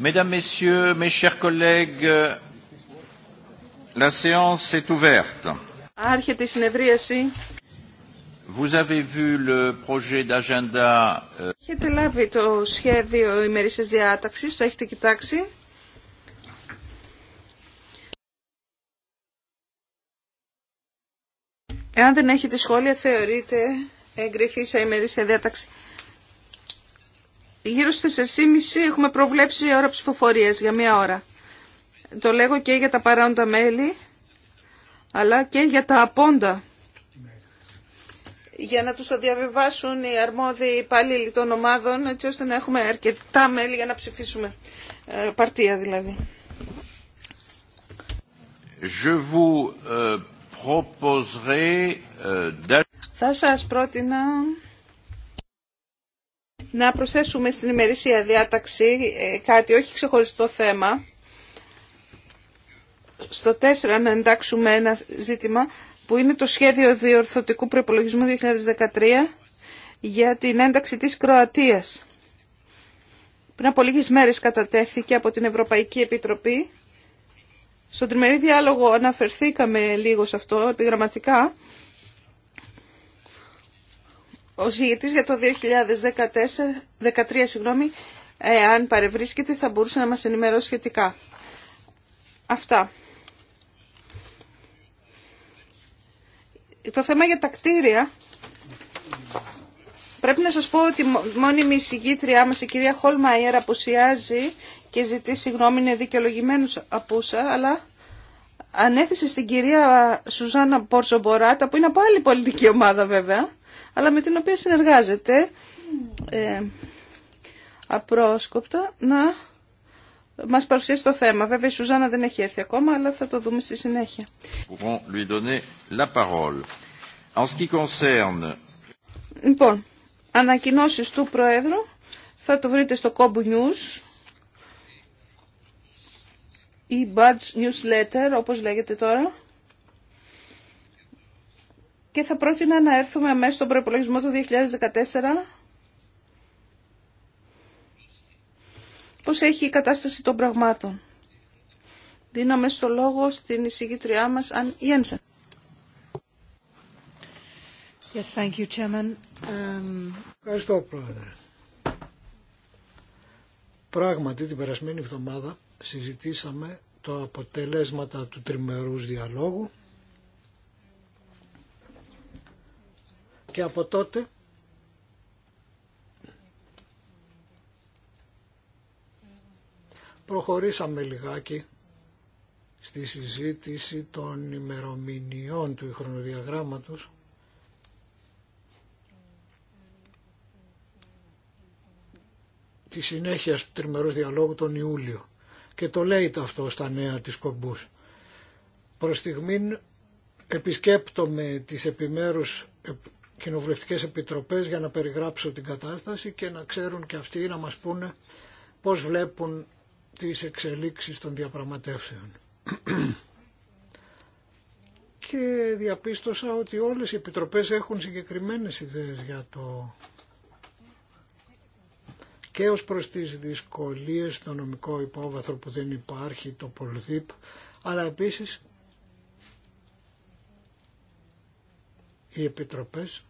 Mesdames, Messieurs, mes chers collègues, la séance est ouverte. Άρχεται η συνεδρίαση. Vous avez vu le projet d'agenda. Euh, έχετε λάβει το σχέδιο ημερήσιας διάταξης, το έχετε κοιτάξει. Εάν δεν έχετε σχόλια, θεωρείτε εγκριθεί σε ημερήσια διάταξη. Γύρω στις 4.30 έχουμε προβλέψει ώρα ψηφοφορίας για μία ώρα. Το λέγω και για τα παράοντα μέλη, αλλά και για τα απόντα. Για να τους το διαβιβάσουν οι αρμόδιοι υπάλληλοι των ομάδων, έτσι ώστε να έχουμε αρκετά μέλη για να ψηφίσουμε. Ε, παρτία δηλαδή. Je vous, ε, ε, Θα σας πρότεινα να προσθέσουμε στην ημερήσια διάταξη ε, κάτι, όχι ξεχωριστό θέμα, στο 4 να εντάξουμε ένα ζήτημα που είναι το σχέδιο διορθωτικού προπολογισμού 2013 για την ένταξη της Κροατίας. Πριν από λίγες μέρες κατατέθηκε από την Ευρωπαϊκή Επιτροπή. Στον τριμερή διάλογο αναφερθήκαμε λίγο σε αυτό επιγραμματικά. Ο ζήτη για το 2014, 2013, συγγνώμη, ε, αν παρευρίσκεται θα μπορούσε να μας ενημερώσει σχετικά. Αυτά. Το θέμα για τα κτίρια Πρέπει να σας πω ότι η μόνιμη συγκήτριά μας, η κυρία Χολμαϊέρ, απουσιάζει και ζητεί συγγνώμη, είναι δικαιολογημένους απούσα, αλλά ανέθεσε στην κυρία Σουζάνα Πόρσο που είναι από άλλη πολιτική ομάδα βέβαια, αλλά με την οποία συνεργάζεται mm. ε, απρόσκοπτα να μας παρουσιάσει το θέμα. Βέβαια η Σουζάνα δεν έχει έρθει ακόμα, αλλά θα το δούμε στη συνέχεια. Λοιπόν, ανακοινώσεις του Προέδρου θα το βρείτε στο Κόμπου News ή Buds Newsletter, όπως λέγεται τώρα και θα πρότεινα να έρθουμε αμέσως στον προπολογισμό του 2014 πώς έχει η κατάσταση των πραγμάτων. Δίναμε στο λόγο στην εισηγήτριά μας, Αν Ιένσεν. Yes, thank you, Chairman. Um... Ευχαριστώ, Πρόεδρε. Πράγματι, την περασμένη εβδομάδα συζητήσαμε τα αποτελέσματα του τριμερούς διαλόγου Και από τότε προχωρήσαμε λιγάκι στη συζήτηση των ημερομηνιών του χρονοδιαγράμματος τη συνέχεια του τριμερούς διαλόγου τον Ιούλιο και το λέει το αυτό στα νέα της κομπούς. Προς στιγμήν επισκέπτομαι τις επιμέρους κοινοβουλευτικές επιτροπές για να περιγράψω την κατάσταση και να ξέρουν και αυτοί να μας πούνε πώς βλέπουν τις εξελίξεις των διαπραγματεύσεων. και διαπίστωσα ότι όλες οι επιτροπές έχουν συγκεκριμένες ιδέες για το και ως προς τις δυσκολίες στο νομικό υπόβαθρο που δεν υπάρχει το Πολδίπ, αλλά επίσης οι επιτροπές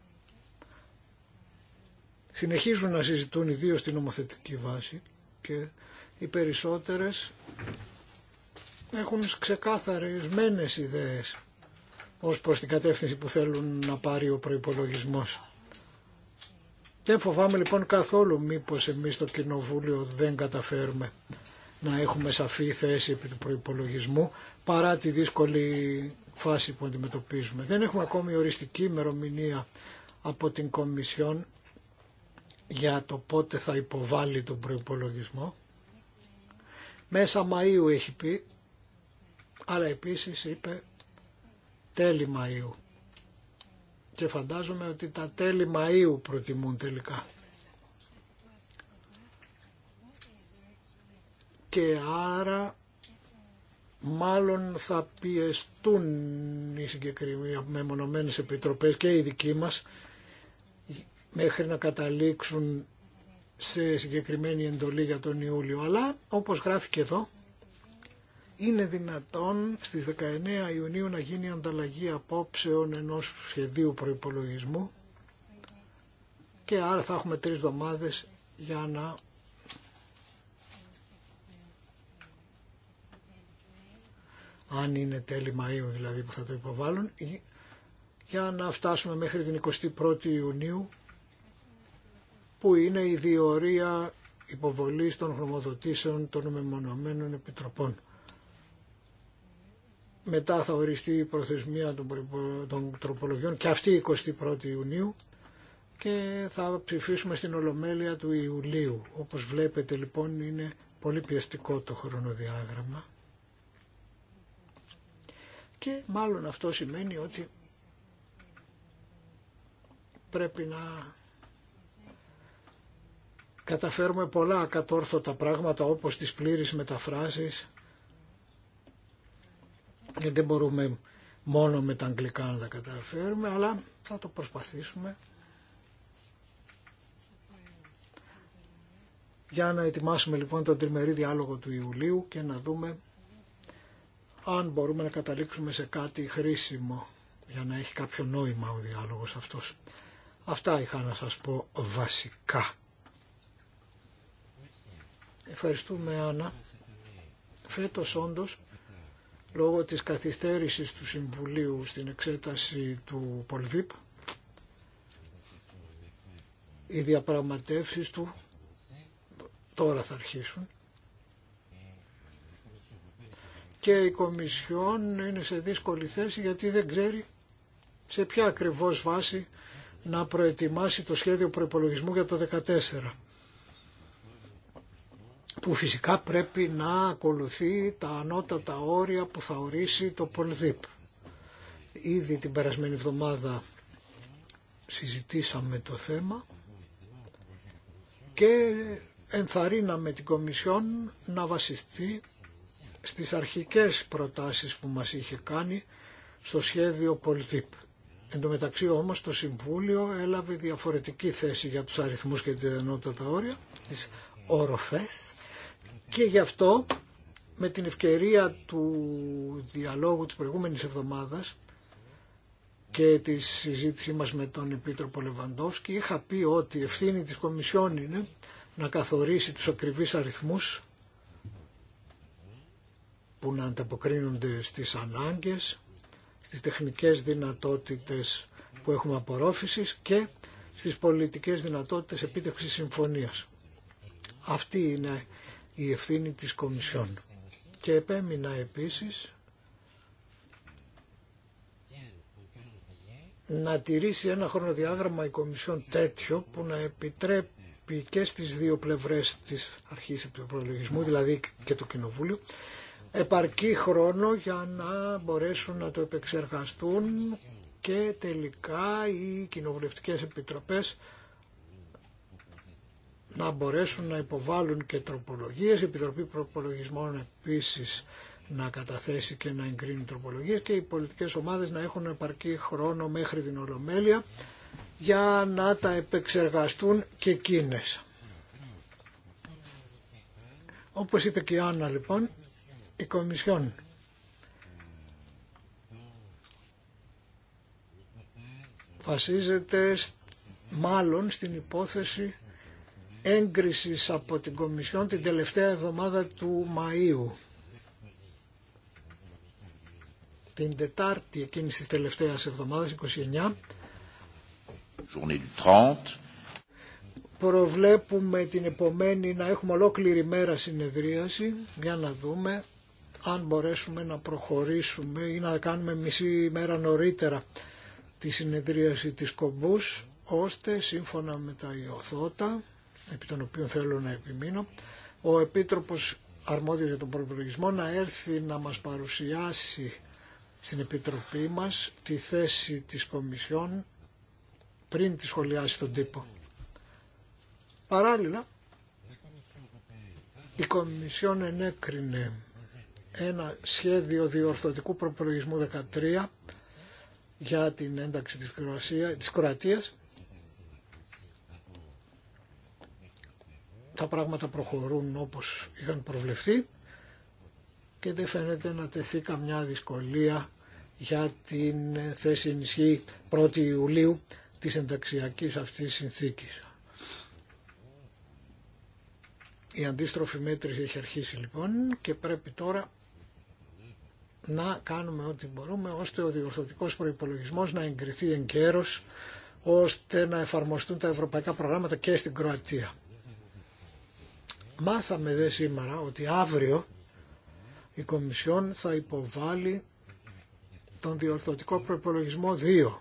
συνεχίζουν να συζητούν ιδίω στην νομοθετική βάση και οι περισσότερες έχουν ξεκάθαρισμένες ιδέες ως προς την κατεύθυνση που θέλουν να πάρει ο προϋπολογισμός. Δεν φοβάμαι λοιπόν καθόλου μήπως εμείς το Κοινοβούλιο δεν καταφέρουμε να έχουμε σαφή θέση επί του προϋπολογισμού παρά τη δύσκολη φάση που αντιμετωπίζουμε. Δεν έχουμε ακόμη οριστική ημερομηνία από την Κομισιόν για το πότε θα υποβάλει τον προϋπολογισμό. Μέσα Μαΐου έχει πει, αλλά επίσης είπε τέλη Μαΐου. Και φαντάζομαι ότι τα τέλη Μαΐου προτιμούν τελικά. Και άρα μάλλον θα πιεστούν οι συγκεκριμένοι μεμονωμένες επιτροπές και οι δικοί μας μέχρι να καταλήξουν σε συγκεκριμένη εντολή για τον Ιούλιο. Αλλά, όπως γράφει και εδώ, είναι δυνατόν στις 19 Ιουνίου να γίνει ανταλλαγή απόψεων ενός σχεδίου προϋπολογισμού και άρα θα έχουμε τρεις εβδομάδες για να αν είναι τέλη Μαΐου δηλαδή που θα το υποβάλουν για να φτάσουμε μέχρι την 21η Ιουνίου που είναι η διορία υποβολής των χρονοδοτήσεων των μεμονωμένων επιτροπών. Μετά θα οριστεί η προθεσμία των τροπολογιών και αυτή η 21η Ιουνίου και θα ψηφίσουμε στην Ολομέλεια του Ιουλίου. Όπως βλέπετε λοιπόν είναι πολύ πιεστικό το χρονοδιάγραμμα και μάλλον αυτό σημαίνει ότι πρέπει να καταφέρουμε πολλά ακατόρθωτα πράγματα όπως τις πλήρεις μεταφράσεις και ε, δεν μπορούμε μόνο με τα αγγλικά να τα καταφέρουμε αλλά θα το προσπαθήσουμε για να ετοιμάσουμε λοιπόν τον τριμερή διάλογο του Ιουλίου και να δούμε αν μπορούμε να καταλήξουμε σε κάτι χρήσιμο για να έχει κάποιο νόημα ο διάλογος αυτός. Αυτά είχα να σας πω βασικά. Ευχαριστούμε Άννα. Φέτος όντως, λόγω της καθυστέρησης του Συμβουλίου στην εξέταση του Πολβίπ, οι διαπραγματεύσεις του τώρα θα αρχίσουν και η Κομισιόν είναι σε δύσκολη θέση γιατί δεν ξέρει σε ποια ακριβώς βάση να προετοιμάσει το σχέδιο προϋπολογισμού για το 2014 που φυσικά πρέπει να ακολουθεί τα ανώτατα όρια που θα ορίσει το Πολδίπ. Ήδη την περασμένη εβδομάδα συζητήσαμε το θέμα και ενθαρρύναμε την Κομισιόν να βασιστεί στις αρχικές προτάσεις που μας είχε κάνει στο σχέδιο Πολδίπ. Εν τω μεταξύ όμως το Συμβούλιο έλαβε διαφορετική θέση για τους αριθμούς και την ανώτατα όρια, τις οροφές και γι' αυτό με την ευκαιρία του διαλόγου της προηγούμενης εβδομάδας και τη συζήτησή μας με τον Επίτροπο Λεβαντόφσκι είχα πει ότι η ευθύνη της Κομισιόν είναι να καθορίσει τους ακριβείς αριθμούς που να ανταποκρίνονται στις ανάγκες, στις τεχνικές δυνατότητες που έχουμε απορρόφησης και στις πολιτικές δυνατότητες επίτευξης συμφωνίας. Αυτή είναι η ευθύνη της Κομισιόν. Και επέμεινα επίσης να τηρήσει ένα χρονοδιάγραμμα η Κομισιόν τέτοιο που να επιτρέπει και στις δύο πλευρές της αρχής του προλογισμού, δηλαδή και του Κοινοβούλιο, επαρκή χρόνο για να μπορέσουν να το επεξεργαστούν και τελικά οι κοινοβουλευτικές επιτροπές να μπορέσουν να υποβάλουν και τροπολογίες. Η Επιτροπή Προπολογισμών επίσης να καταθέσει και να εγκρίνει τροπολογίες και οι πολιτικές ομάδες να έχουν επαρκή χρόνο μέχρι την Ολομέλεια για να τα επεξεργαστούν και εκείνες. Όπως είπε και η Άννα λοιπόν, η Κομισιόν βασίζεται μάλλον στην υπόθεση έγκρισης από την Κομισιόν την τελευταία εβδομάδα του Μαΐου. Την Τετάρτη εκείνης της τελευταίας εβδομάδας, 29, προβλέπουμε την επομένη να έχουμε ολόκληρη μέρα συνεδρίαση για να δούμε αν μπορέσουμε να προχωρήσουμε ή να κάνουμε μισή μέρα νωρίτερα τη συνεδρίαση της Κομπούς ώστε σύμφωνα με τα Ιωθώτα επί των οποίων θέλω να επιμείνω, ο Επίτροπος Αρμόδιος για τον Προπολογισμό να έρθει να μας παρουσιάσει στην Επιτροπή μας τη θέση της Κομισιόν πριν τη σχολιάσει τον τύπο. Παράλληλα, η Κομισιόν ενέκρινε ένα σχέδιο διορθωτικού προπολογισμού 13 για την ένταξη της Κροατία. της Κροατίας τα πράγματα προχωρούν όπως είχαν προβλεφθεί και δεν φαίνεται να τεθεί καμιά δυσκολία για την θέση ενισχύ 1η Ιουλίου της ενταξιακής αυτής συνθήκης. Η αντίστροφη μέτρηση έχει αρχίσει λοιπόν και πρέπει τώρα να κάνουμε ό,τι μπορούμε ώστε ο διορθωτικός προϋπολογισμός να εγκριθεί εν ώστε να εφαρμοστούν τα ευρωπαϊκά προγράμματα και στην Κροατία. Μάθαμε δε σήμερα ότι αύριο η Κομισιόν θα υποβάλει τον διορθωτικό προπολογισμό 2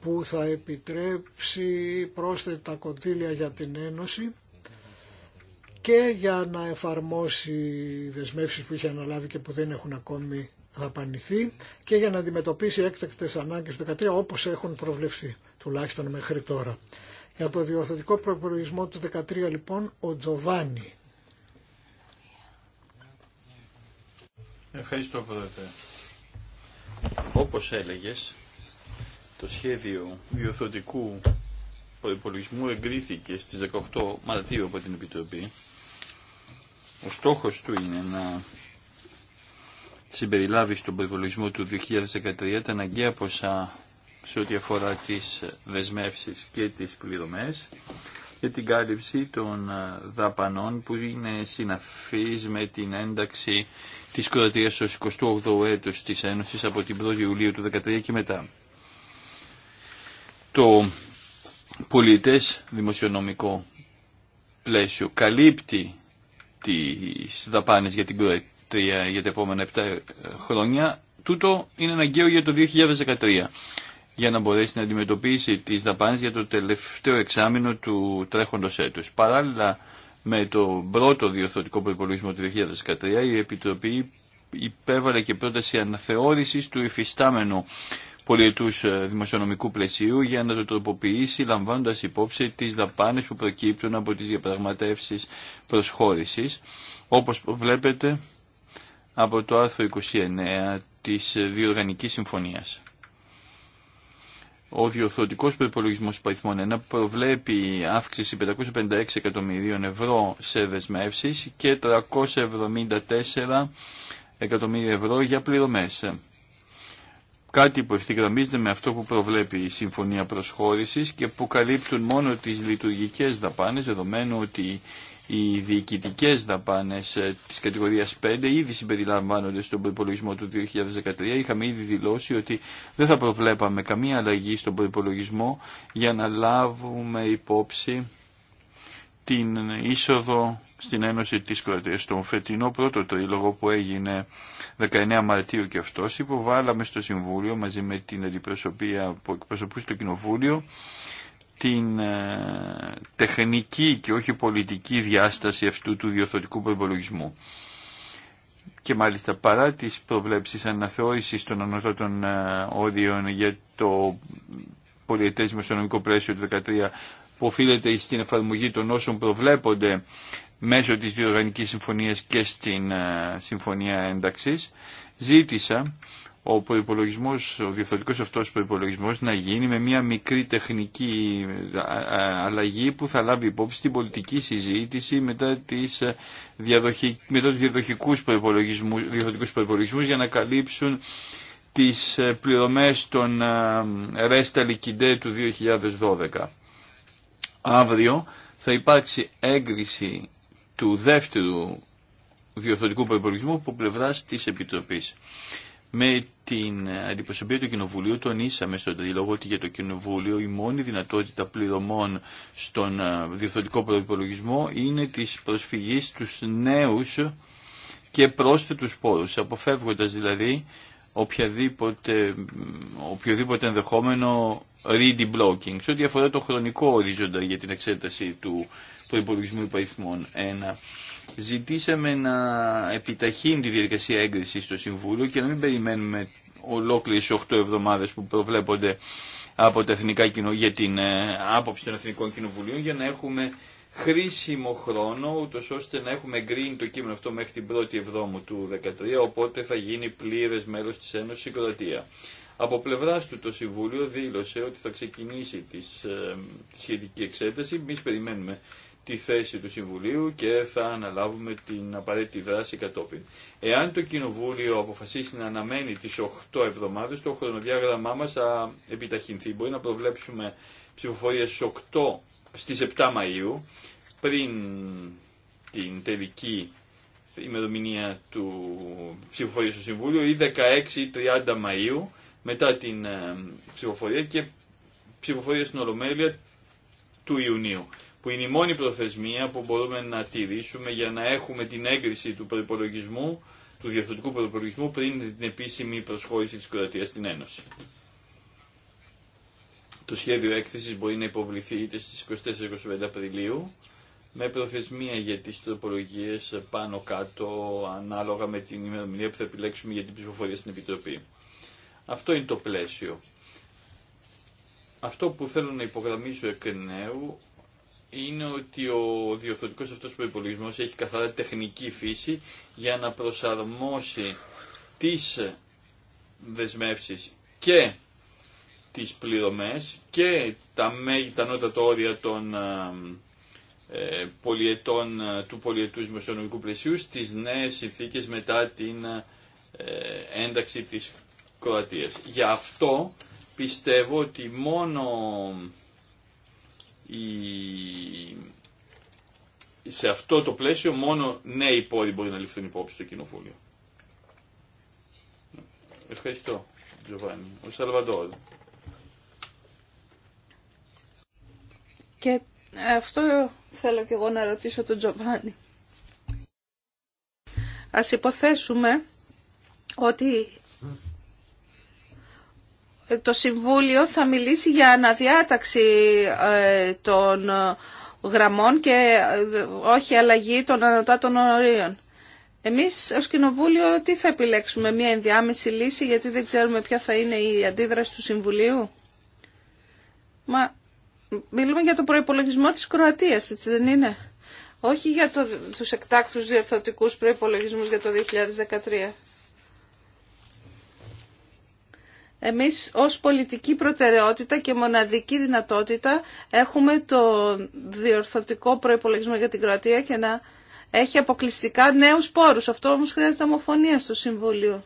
που θα επιτρέψει πρόσθετα κοντήλια για την Ένωση και για να εφαρμόσει δεσμεύσεις που είχε αναλάβει και που δεν έχουν ακόμη δαπανηθεί και για να αντιμετωπίσει έκτακτες ανάγκες του 13 όπως έχουν προβλεφθεί τουλάχιστον μέχρι τώρα. Για το διορθωτικό προπολογισμό του 13 λοιπόν ο Τζοβάνι. Ευχαριστώ πρόεδρε. Όπως έλεγες, το σχέδιο διορθωτικού προπολογισμού εγκρίθηκε στις 18 Μαρτίου από την Επιτροπή. Ο στόχος του είναι να συμπεριλάβει στον προπολογισμό του 2013 τα αναγκαία ποσά σε ό,τι αφορά τις δεσμεύσεις και τις πληρωμές για την κάλυψη των ε, δαπανών που είναι συναφής με την ένταξη της Κροατίας ως 28ο έτος της Ένωσης από την 1η Ιουλίου του 2013 και μετά. Το πολιτές δημοσιονομικό πλαίσιο καλύπτει τις δαπάνες για την Κροατία για τα επόμενα 7 χρόνια. Τούτο είναι αναγκαίο για το 2013 για να μπορέσει να αντιμετωπίσει τις δαπάνες για το τελευταίο εξάμεινο του τρέχοντος έτους. Παράλληλα με το πρώτο διορθωτικό προπολογισμό του 2013 η Επιτροπή υπέβαλε και πρόταση αναθεώρησης του υφιστάμενου πολιετούς ε, δημοσιονομικού πλαισίου για να το τροποποιήσει λαμβάνοντας υπόψη τις δαπάνες που προκύπτουν από τις διαπραγματεύσεις προσχώρησης όπως βλέπετε από το άρθρο 29 της ε, Διοργανικής Συμφωνίας. Ο διορθωτικός προϋπολογισμός παριθμών 1 προβλέπει αύξηση 556 εκατομμυρίων ευρώ σε δεσμεύσεις και 374 εκατομμύρια ευρώ για πληρωμές. Κάτι που ευθυγραμμίζεται με αυτό που προβλέπει η Συμφωνία Προσχώρησης και που καλύπτουν μόνο τις λειτουργικές δαπάνες, δεδομένου ότι οι διοικητικέ δαπάνε ε, τη κατηγορία 5 ήδη συμπεριλαμβάνονται στον προπολογισμό του 2013. Είχαμε ήδη δηλώσει ότι δεν θα προβλέπαμε καμία αλλαγή στον προπολογισμό για να λάβουμε υπόψη την είσοδο στην Ένωση της Κροατίας. Στον φετινό πρώτο τρίλογο που έγινε 19 Μαρτίου και αυτός υποβάλαμε στο Συμβούλιο μαζί με την αντιπροσωπεία που εκπροσωπούσε το Κοινοβούλιο την ε, τεχνική και όχι πολιτική διάσταση αυτού του διορθωτικού προπολογισμού. Και μάλιστα παρά τις προβλέψεις αναθεώρησης των ανωτάτων ε, όδιων για το πολιετές μεσονομικό πλαίσιο του 2013 που οφείλεται στην εφαρμογή των όσων προβλέπονται μέσω της διοργανικής συμφωνίας και στην ε, συμφωνία ένταξης, ζήτησα ο προϋπολογισμός, ο διαφορετικός αυτός προϋπολογισμός να γίνει με μια μικρή τεχνική αλλαγή που θα λάβει υπόψη την πολιτική συζήτηση μετά, τις ε, διαδοχικ... μετά τους διαδοχικούς προϋπολογισμούς, για να καλύψουν τις ε, πληρωμές των Ρέστα ε, Λικιντέ του 2012. Αύριο θα υπάρξει έγκριση του δεύτερου διορθωτικού προπολογισμού από πλευρά τη Επιτροπή. Με την αντιπροσωπεία του Κοινοβουλίου τονίσαμε στον τρίλογο ότι για το Κοινοβούλιο η μόνη δυνατότητα πληρωμών στον ε, διευθυντικό προϋπολογισμό είναι της προσφυγής στους νέους και πρόσθετους πόρους, αποφεύγοντας δηλαδή οποιαδήποτε, οποιοδήποτε ενδεχόμενο reading blocking, σε ό,τι αφορά το χρονικό ορίζοντα για την εξέταση του προϋπολογισμού υπαριθμών 1 ζητήσαμε να επιταχύνει τη διαδικασία έγκριση στο Συμβούλιο και να μην περιμένουμε ολόκληρες 8 εβδομάδες που προβλέπονται από τα εθνικά κοινό, για την ε, άποψη των εθνικών κοινοβουλίων για να έχουμε χρήσιμο χρόνο ούτως ώστε να έχουμε εγκρίνει το κείμενο αυτό μέχρι την 1η εβδόμου του 2013 οπότε θα γίνει πλήρες μέλος της Ένωση η Κροατία. Από πλευρά του το Συμβούλιο δήλωσε ότι θα ξεκινήσει ε, τη σχετική εξέταση. Εμεί περιμένουμε τη θέση του Συμβουλίου και θα αναλάβουμε την απαραίτητη δράση κατόπιν. Εάν το Κοινοβούλιο αποφασίσει να αναμένει τις 8 εβδομάδες, το χρονοδιάγραμμά μας θα επιταχυνθεί. Μπορεί να προβλέψουμε ψηφοφορία στις 8, στις 7 Μαΐου, πριν την τελική ημερομηνία του ψηφοφορία στο Συμβούλιο, ή 16-30 Μαΐου, μετά την ε, ψηφοφορία και ψηφοφορία στην Ολομέλεια του Ιουνίου που είναι η μόνη προθεσμία που μπορούμε να τηρήσουμε για να έχουμε την έγκριση του προπολογισμού, του διευθυντικού προπολογισμού πριν την επίσημη προσχώρηση της Κροατίας στην Ένωση. Το σχέδιο έκθεσης μπορεί να υποβληθεί είτε στις 24-25 Απριλίου με προθεσμία για τις τροπολογίες πάνω κάτω ανάλογα με την ημερομηνία που θα επιλέξουμε για την ψηφοφορία στην Επιτροπή. Αυτό είναι το πλαίσιο. Αυτό που θέλω να υπογραμμίσω εκ νέου είναι ότι ο διορθωτικός αυτός προϋπολογισμός έχει καθαρά τεχνική φύση για να προσαρμόσει τις δεσμεύσεις και τις πληρωμές και τα μέγιστα όρια των ε, ε πολιετών, ε, του πολιετού μεσονομικού πλαισίου στις νέες συνθήκες μετά την ε, ένταξη της Κροατίας. Γι' αυτό πιστεύω ότι μόνο η... σε αυτό το πλαίσιο μόνο νέοι πόροι μπορεί να ληφθούν υπόψη στο Κοινοβούλιο. Ευχαριστώ, Τζοβάνι. Ο Σαλβαντόρ. Και αυτό θέλω και εγώ να ρωτήσω τον Τζοβάνι. Ας υποθέσουμε ότι το Συμβούλιο θα μιλήσει για αναδιάταξη ε, των γραμμών και ε, όχι αλλαγή των ανωτάτων ορίων. Εμείς ως Κοινοβούλιο τι θα επιλέξουμε, μια ενδιάμεση λύση γιατί δεν ξέρουμε ποια θα είναι η αντίδραση του Συμβουλίου. Μα μιλούμε για το προϋπολογισμό της Κροατίας, έτσι δεν είναι. Όχι για το, τους εκτάκτους διορθωτικούς προϋπολογισμούς για το 2013. Εμείς ως πολιτική προτεραιότητα και μοναδική δυνατότητα έχουμε το διορθωτικό προϋπολογισμό για την Κροατία και να έχει αποκλειστικά νέους πόρους. Αυτό όμως χρειάζεται ομοφωνία στο Συμβούλιο.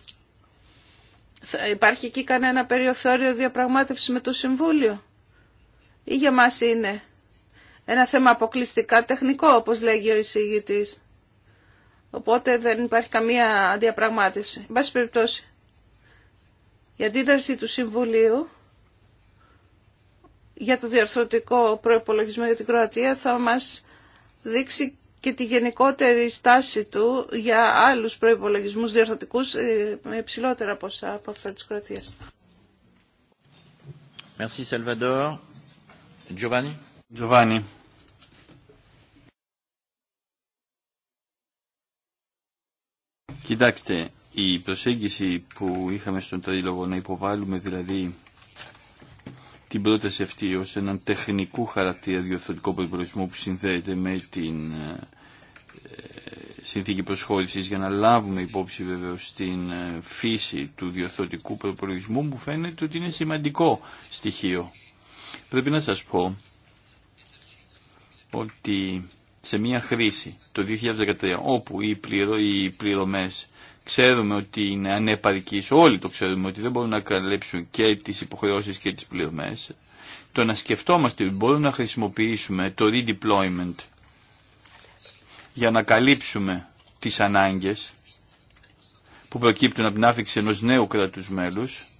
Υπάρχει εκεί κανένα περιοθώριο διαπραγμάτευση με το Συμβούλιο ή για μας είναι ένα θέμα αποκλειστικά τεχνικό όπως λέγει ο εισηγητής. Οπότε δεν υπάρχει καμία διαπραγμάτευση. Εν περιπτώσει. Η αντίδραση του Συμβουλίου για το διαρθρωτικό προϋπολογισμό για την Κροατία θα μας δείξει και τη γενικότερη στάση του για άλλους προϋπολογισμούς διαρθρωτικούς ε, με υψηλότερα ποσά από αυτά της Κροατίας. Merci Salvador. Giovanni. Giovanni. Κοιτάξτε, η προσέγγιση που είχαμε στον τρίλογο να υποβάλουμε δηλαδή την πρόταση αυτή ως έναν τεχνικού χαρακτήρα διορθωτικό προϋπολογισμό που συνδέεται με την ε, συνθήκη προσχώρησης για να λάβουμε υπόψη βεβαίως στην ε, φύση του διορθωτικού προϋπολογισμού μου φαίνεται ότι είναι σημαντικό στοιχείο. Πρέπει να σας πω ότι σε μια χρήση το 2013 όπου οι πληρωμές Ξέρουμε ότι είναι ανεπαρκής, όλοι το ξέρουμε ότι δεν μπορούν να καλύψουν και τις υποχρεώσεις και τις πληρωμές. Το να σκεφτόμαστε ότι μπορούμε να χρησιμοποιήσουμε το redeployment για να καλύψουμε τις ανάγκες που προκύπτουν από την άφηξη ενό νέου κράτου μέλους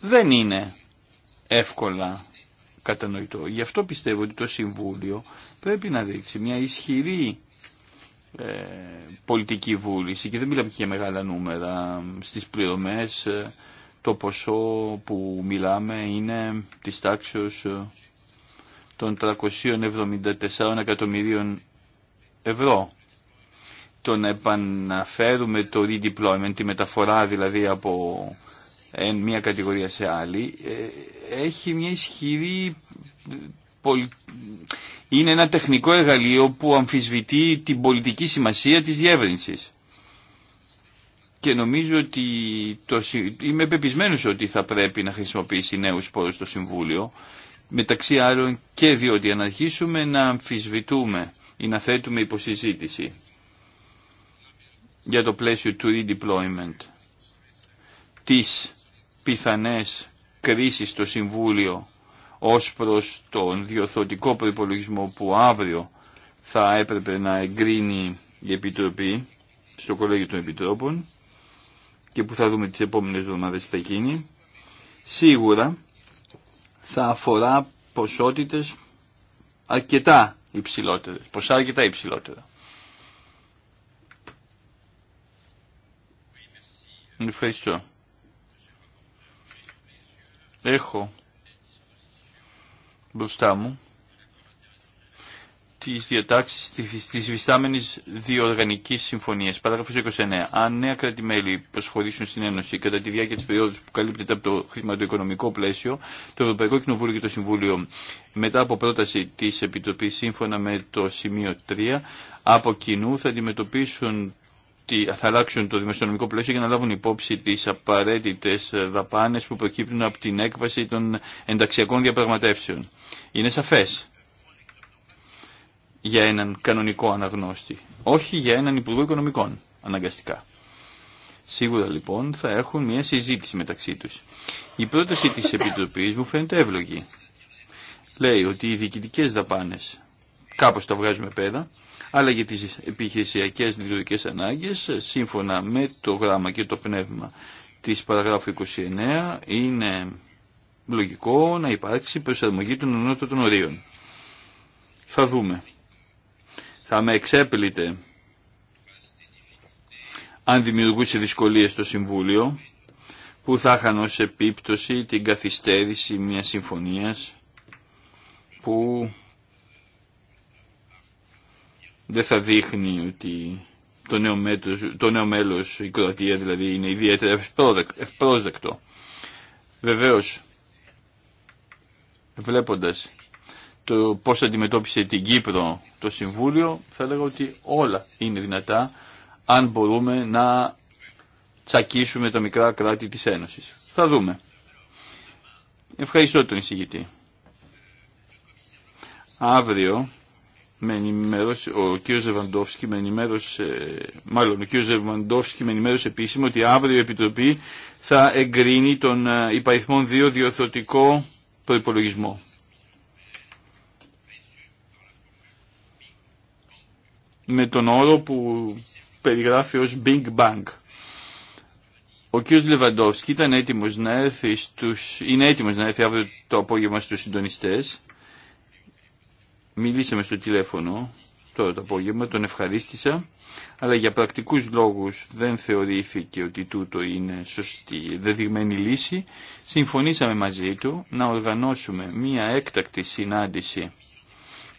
δεν είναι εύκολα κατανοητό. Γι' αυτό πιστεύω ότι το Συμβούλιο πρέπει να δείξει μια ισχυρή ε, πολιτική βούληση και δεν μιλάμε και για μεγάλα νούμερα στις πληρωμές ε, το ποσό που μιλάμε είναι της τάξης ε, των 374 εκατομμυρίων ευρώ. Το να επαναφέρουμε το redeployment, τη μεταφορά δηλαδή από μία κατηγορία σε άλλη, έχει μια ισχυρή είναι ένα τεχνικό εργαλείο που αμφισβητεί την πολιτική σημασία της διεύρυνσης. Και νομίζω ότι το, είμαι πεπισμένος ότι θα πρέπει να χρησιμοποιήσει νέους πόρους στο Συμβούλιο, μεταξύ άλλων και διότι αν αρχίσουμε να αμφισβητούμε ή να θέτουμε υποσυζήτηση για το πλαίσιο του redeployment, τις πιθανές κρίσεις στο Συμβούλιο ως προς τον διορθωτικό προϋπολογισμό που αύριο θα έπρεπε να εγκρίνει η Επιτροπή στο Κολέγιο των Επιτρόπων και που θα δούμε τις επόμενες εβδομάδες τι θα σίγουρα θα αφορά ποσότητες αρκετά υψηλότερες, ποσά αρκετά υψηλότερα. Ευχαριστώ. Έχω μπροστά μου τις διατάξεις της βιστάμενης διοργανικής συμφωνίας. Παράγραφος 29. Αν νέα κρατημέλη προσχωρήσουν στην Ένωση κατά τη διάρκεια της περίοδου που καλύπτεται από το χρηματοοικονομικό πλαίσιο, το Ευρωπαϊκό Κοινοβούλιο και το Συμβούλιο μετά από πρόταση της Επιτροπής σύμφωνα με το σημείο 3, από κοινού θα αντιμετωπίσουν θα αλλάξουν το δημοσιονομικό πλαίσιο για να λάβουν υπόψη τις απαραίτητε δαπάνε που προκύπτουν από την έκβαση των ενταξιακών διαπραγματεύσεων. Είναι σαφές για έναν κανονικό αναγνώστη, όχι για έναν Υπουργό Οικονομικών αναγκαστικά. Σίγουρα λοιπόν θα έχουν μια συζήτηση μεταξύ τους. Η πρόταση της Επιτροπής μου φαίνεται εύλογη. Λέει ότι οι διοικητικές δαπάνες κάπως τα βγάζουμε πέρα αλλά για τις επιχειρησιακές λειτουργικές ανάγκες, σύμφωνα με το γράμμα και το πνεύμα της παραγράφου 29, είναι λογικό να υπάρξει προσαρμογή των των ορίων. Θα δούμε. Θα με εξέπλητε αν δημιουργούσε δυσκολίες στο Συμβούλιο, που θα είχαν επίπτωση την καθυστέρηση μιας συμφωνίας που δεν θα δείχνει ότι το νέο, μέτρος, μέλος, η Κροατία δηλαδή, είναι ιδιαίτερα ευπρόσδεκτο. Βεβαίως, βλέποντας το πώς αντιμετώπισε την Κύπρο το Συμβούλιο, θα έλεγα ότι όλα είναι δυνατά αν μπορούμε να τσακίσουμε τα μικρά κράτη της Ένωσης. Θα δούμε. Ευχαριστώ τον εισηγητή. Αύριο με ενημέρωσε, ο κ. Ζεβαντόφσκι με ενημέρωσε, μάλλον ο κ. Ζεβαντόφσκι με ενημέρωσε επίσημα ότι αύριο η Επιτροπή θα εγκρίνει τον ε, υπαριθμό 2 διορθωτικό προπολογισμό. με τον όρο που περιγράφει ως Big Bang. Ο κ. Λεβαντόφσκι ήταν έτοιμος να έρθει στους, είναι έτοιμος να έρθει αύριο το απόγευμα στους συντονιστές μιλήσαμε στο τηλέφωνο τώρα το απόγευμα, τον ευχαρίστησα, αλλά για πρακτικούς λόγους δεν θεωρήθηκε ότι τούτο είναι σωστή, δεδειγμένη λύση. Συμφωνήσαμε μαζί του να οργανώσουμε μία έκτακτη συνάντηση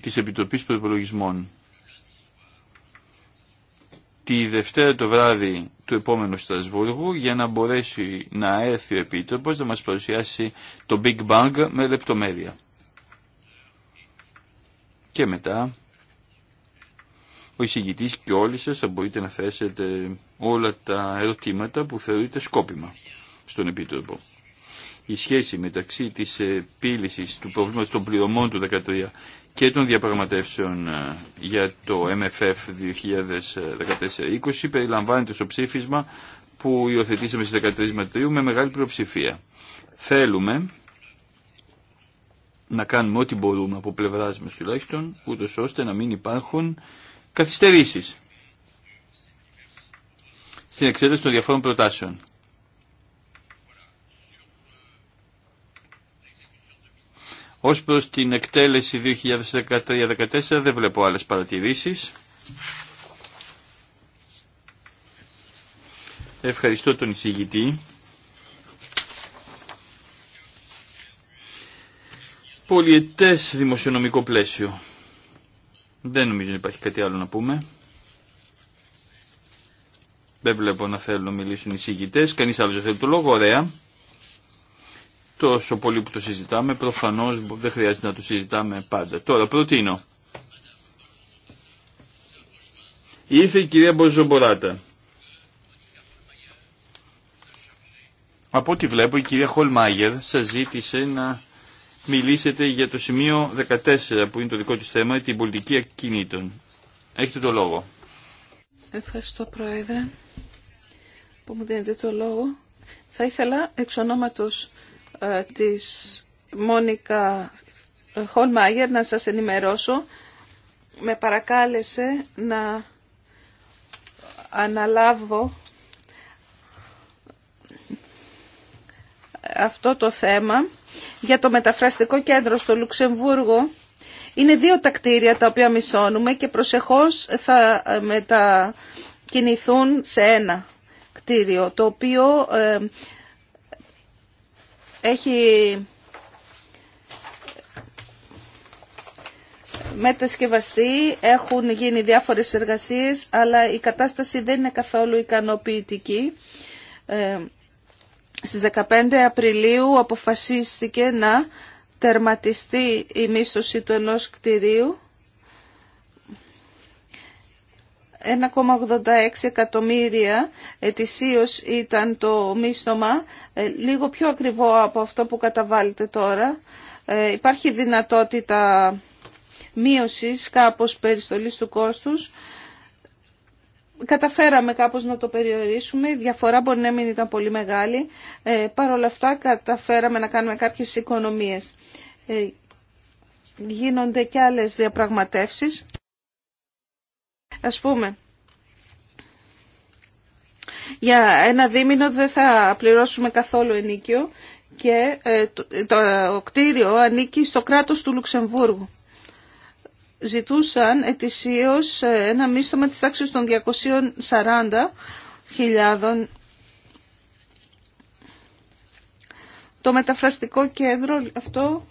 της Επιτροπής Προπολογισμών τη Δευτέρα το βράδυ του επόμενου Στρασβούργου για να μπορέσει να έρθει ο Επίτροπος να μας παρουσιάσει το Big Bang με λεπτομέρεια και μετά ο εισηγητής και όλοι σας θα μπορείτε να θέσετε όλα τα ερωτήματα που θεωρείτε σκόπιμα στον Επίτροπο. Η σχέση μεταξύ της επίλυσης του προβλήματος των πληρωμών του 2013 και των διαπραγματεύσεων ε, για το MFF 2014-2020 περιλαμβάνεται στο ψήφισμα που υιοθετήσαμε στις 13 Μαρτίου με μεγάλη πλειοψηφία. Θέλουμε να κάνουμε ό,τι μπορούμε από πλευρά μα τουλάχιστον, ούτω ώστε να μην υπάρχουν καθυστερήσει στην εξέλιξη των διαφόρων προτάσεων. Ω προ την εκτέλεση 2013-2014 δεν βλέπω άλλε παρατηρήσεις. Ευχαριστώ τον εισηγητή. πολιετές δημοσιονομικό πλαίσιο. Δεν νομίζω να υπάρχει κάτι άλλο να πούμε. Δεν βλέπω να θέλουν να μιλήσουν οι συγγητές. Κανείς άλλος δεν θέλει το λόγο. Ωραία. Τόσο πολύ που το συζητάμε, προφανώς δεν χρειάζεται να το συζητάμε πάντα. Τώρα προτείνω. Ήρθε η κυρία Μποζομποράτα. Από ό,τι βλέπω η κυρία Χολμάγερ σας ζήτησε να μιλήσετε για το σημείο 14 που είναι το δικό της θέμα, την πολιτική ακινήτων. Έχετε το λόγο. Ευχαριστώ Πρόεδρε που μου δίνετε το λόγο. Θα ήθελα εξ ονόματος ε, της Μόνικα Χολμάγερ να σας ενημερώσω. Με παρακάλεσε να αναλάβω αυτό το θέμα για το μεταφραστικό κέντρο στο Λουξεμβούργο. Είναι δύο τα κτίρια τα οποία μισώνουμε και προσεχώς θα μετακινηθούν σε ένα κτίριο, το οποίο ε, έχει μετασκευαστεί, έχουν γίνει διάφορες εργασίες, αλλά η κατάσταση δεν είναι καθόλου ικανοποιητική. Ε, στις 15 Απριλίου αποφασίστηκε να τερματιστεί η μίσθωση του ενός κτηρίου 1,86 εκατομμύρια ετησίως ήταν το μίσθωμα, ε, λίγο πιο ακριβό από αυτό που καταβάλλεται τώρα. Ε, υπάρχει δυνατότητα μείωσης κάπως περιστολής του κόστους καταφέραμε κάπως να το περιορίσουμε, η διαφορά μπορεί να μην ήταν πολύ μεγάλη, ε, Παρ' αυτά καταφέραμε να κάνουμε κάποιες οικονομίες. Ε, γίνονται και άλλες διαπραγματεύσεις. Ας πούμε, για ένα δίμηνο δεν θα πληρώσουμε καθόλου ενίκιο και ε, το κτίριο ανήκει στο κράτος του Λουξεμβούργου ζητούσαν ετησίως ε, ένα μίσθωμα της τάξης των 240.000 Το μεταφραστικό κέντρο αυτό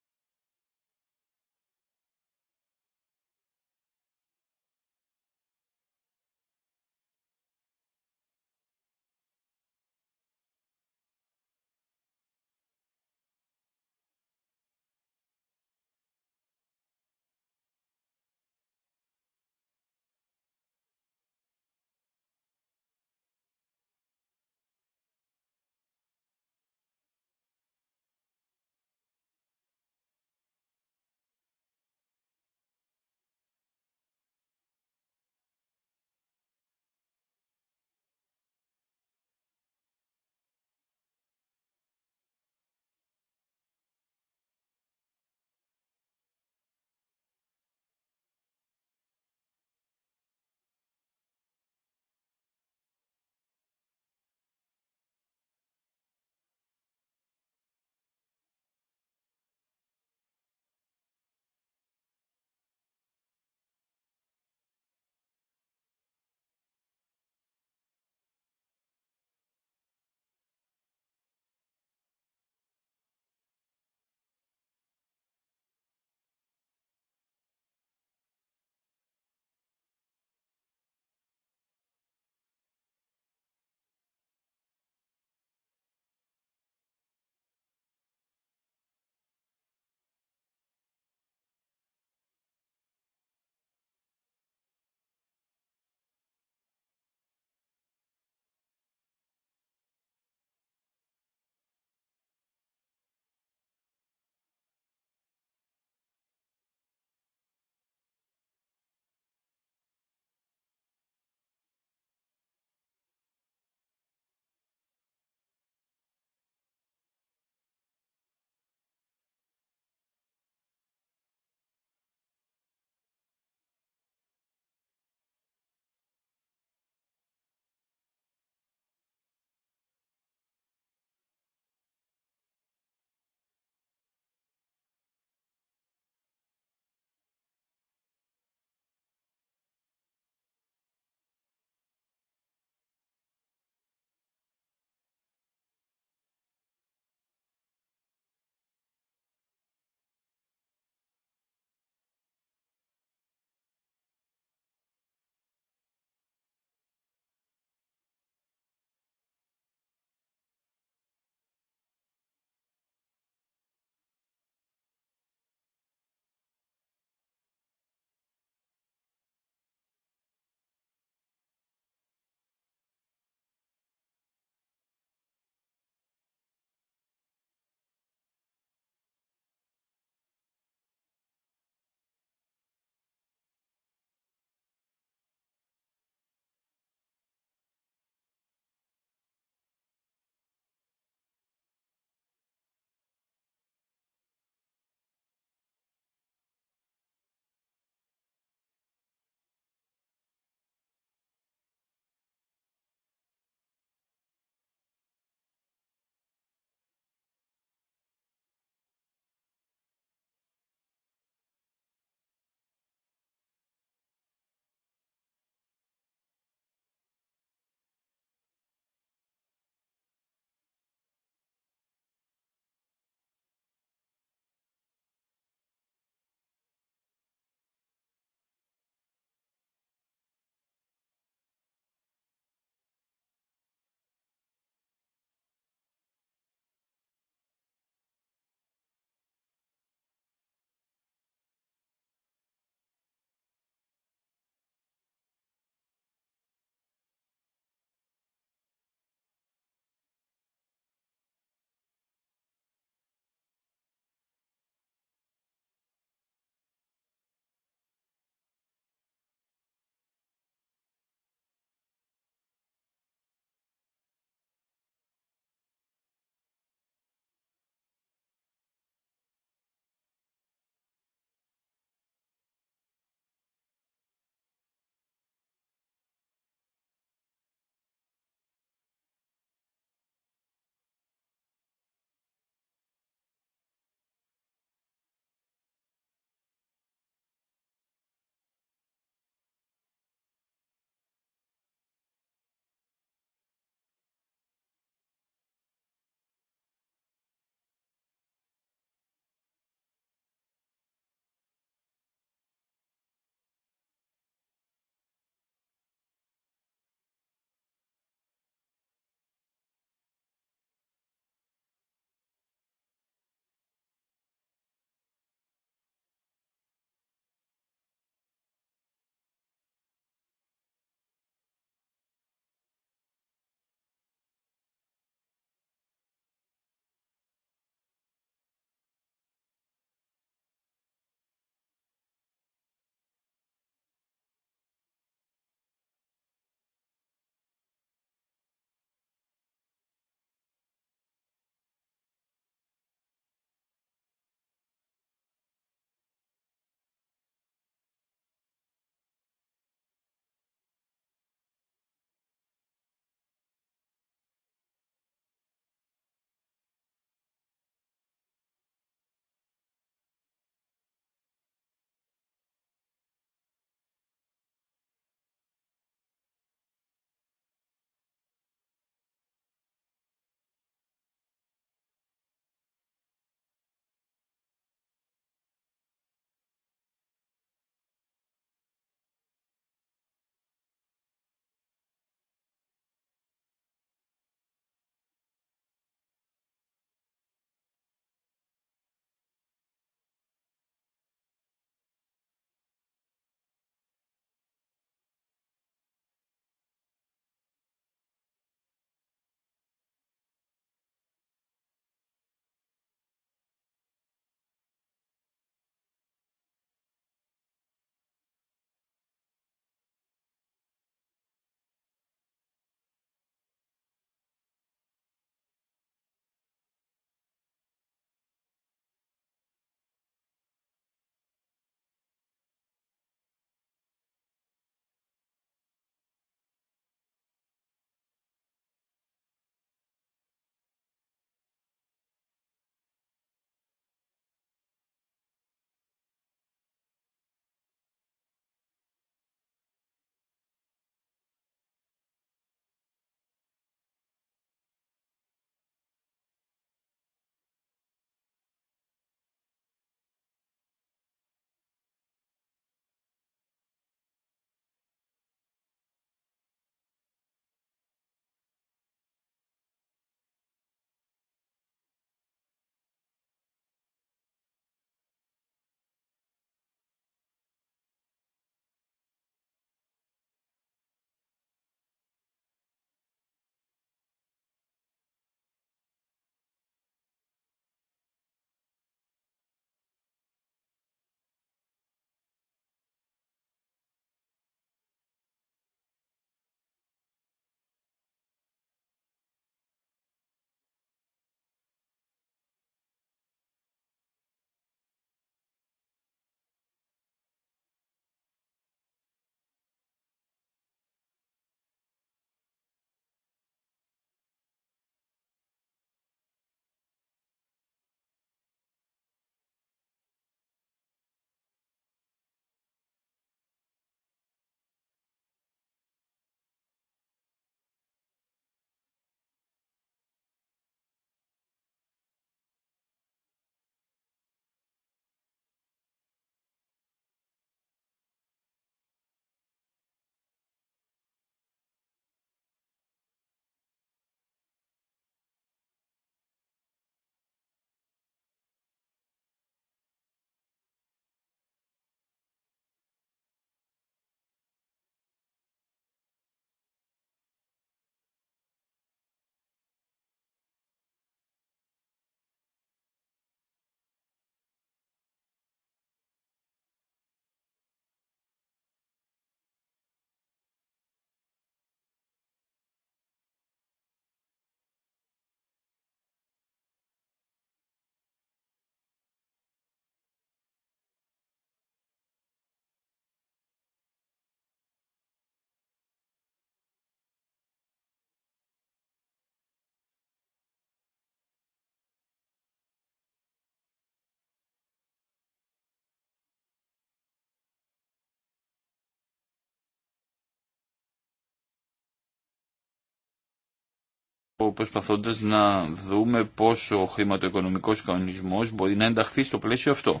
προσπαθώντα να δούμε πόσο ο χρηματοοικονομικός κανονισμός μπορεί να ενταχθεί στο πλαίσιο αυτό.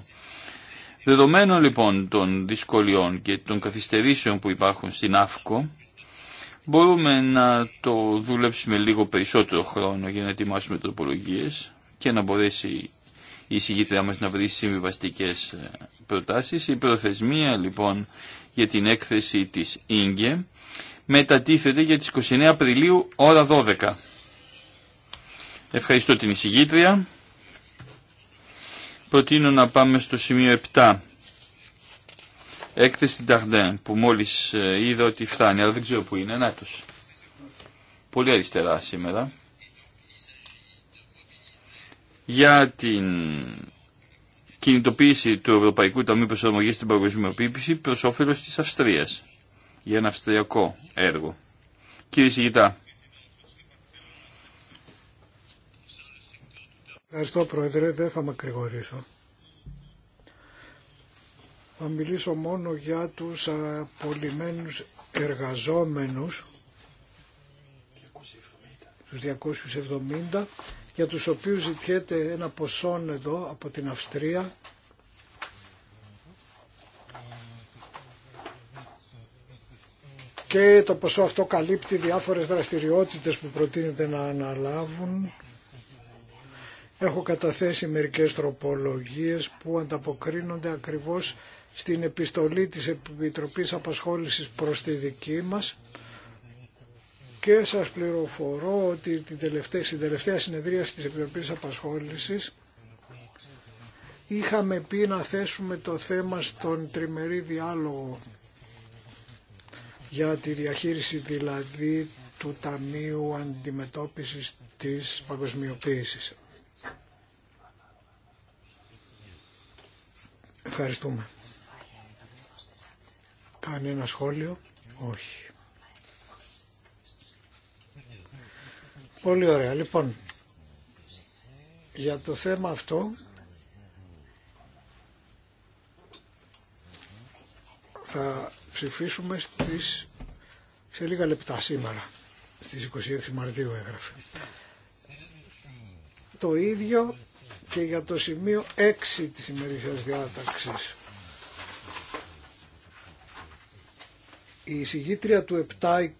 Δεδομένων λοιπόν των δυσκολιών και των καθυστερήσεων που υπάρχουν στην ΑΦΚΟ, μπορούμε να το δουλέψουμε λίγο περισσότερο χρόνο για να ετοιμάσουμε τροπολογίε και να μπορέσει η συγκίτρια μας να βρει συμβιβαστικέ ε, προτάσεις. Η προθεσμία λοιπόν για την έκθεση της ΙΝΚΕ μετατίθεται για τις 29 Απριλίου ώρα 12. Ευχαριστώ την εισηγήτρια. Προτείνω να πάμε στο σημείο 7. Έκθεση Ταχντέν που μόλις ε, είδα ότι φτάνει, αλλά δεν ξέρω που είναι. Να τους. Πολύ αριστερά σήμερα. Για την κινητοποίηση του Ευρωπαϊκού Ταμείου Προσαρμογή στην Παγκοσμιοποίηση προ όφελο τη Αυστρία για ένα αυστριακό έργο. Κύριε Σιγητά, Ευχαριστώ Πρόεδρε, δεν θα μακρηγορήσω. Θα μιλήσω μόνο για τους απολυμμένους εργαζόμενους, τους 270, για τους οποίους ζητιέται ένα ποσό εδώ από την Αυστρία, και το ποσό αυτό καλύπτει διάφορες δραστηριότητες που προτείνεται να αναλάβουν Έχω καταθέσει μερικές τροπολογίες που ανταποκρίνονται ακριβώς στην επιστολή της Επιτροπής Απασχόλησης προς τη δική μας και σας πληροφορώ ότι την τελευταία, στην τελευταία συνεδρίαση της Επιτροπής Απασχόλησης είχαμε πει να θέσουμε το θέμα στον τριμερή διάλογο για τη διαχείριση δηλαδή του Ταμείου Αντιμετώπισης της Παγκοσμιοποίησης. Ευχαριστούμε. ένα σχόλιο. Όχι. Πολύ ωραία. Λοιπόν, για το θέμα αυτό θα ψηφίσουμε στις, σε λίγα λεπτά σήμερα. Στις 26 Μαρτίου έγραφε. Το ίδιο και για το σημείο 6 της ημερήσιας διάταξης. Η συγγήτρια του 7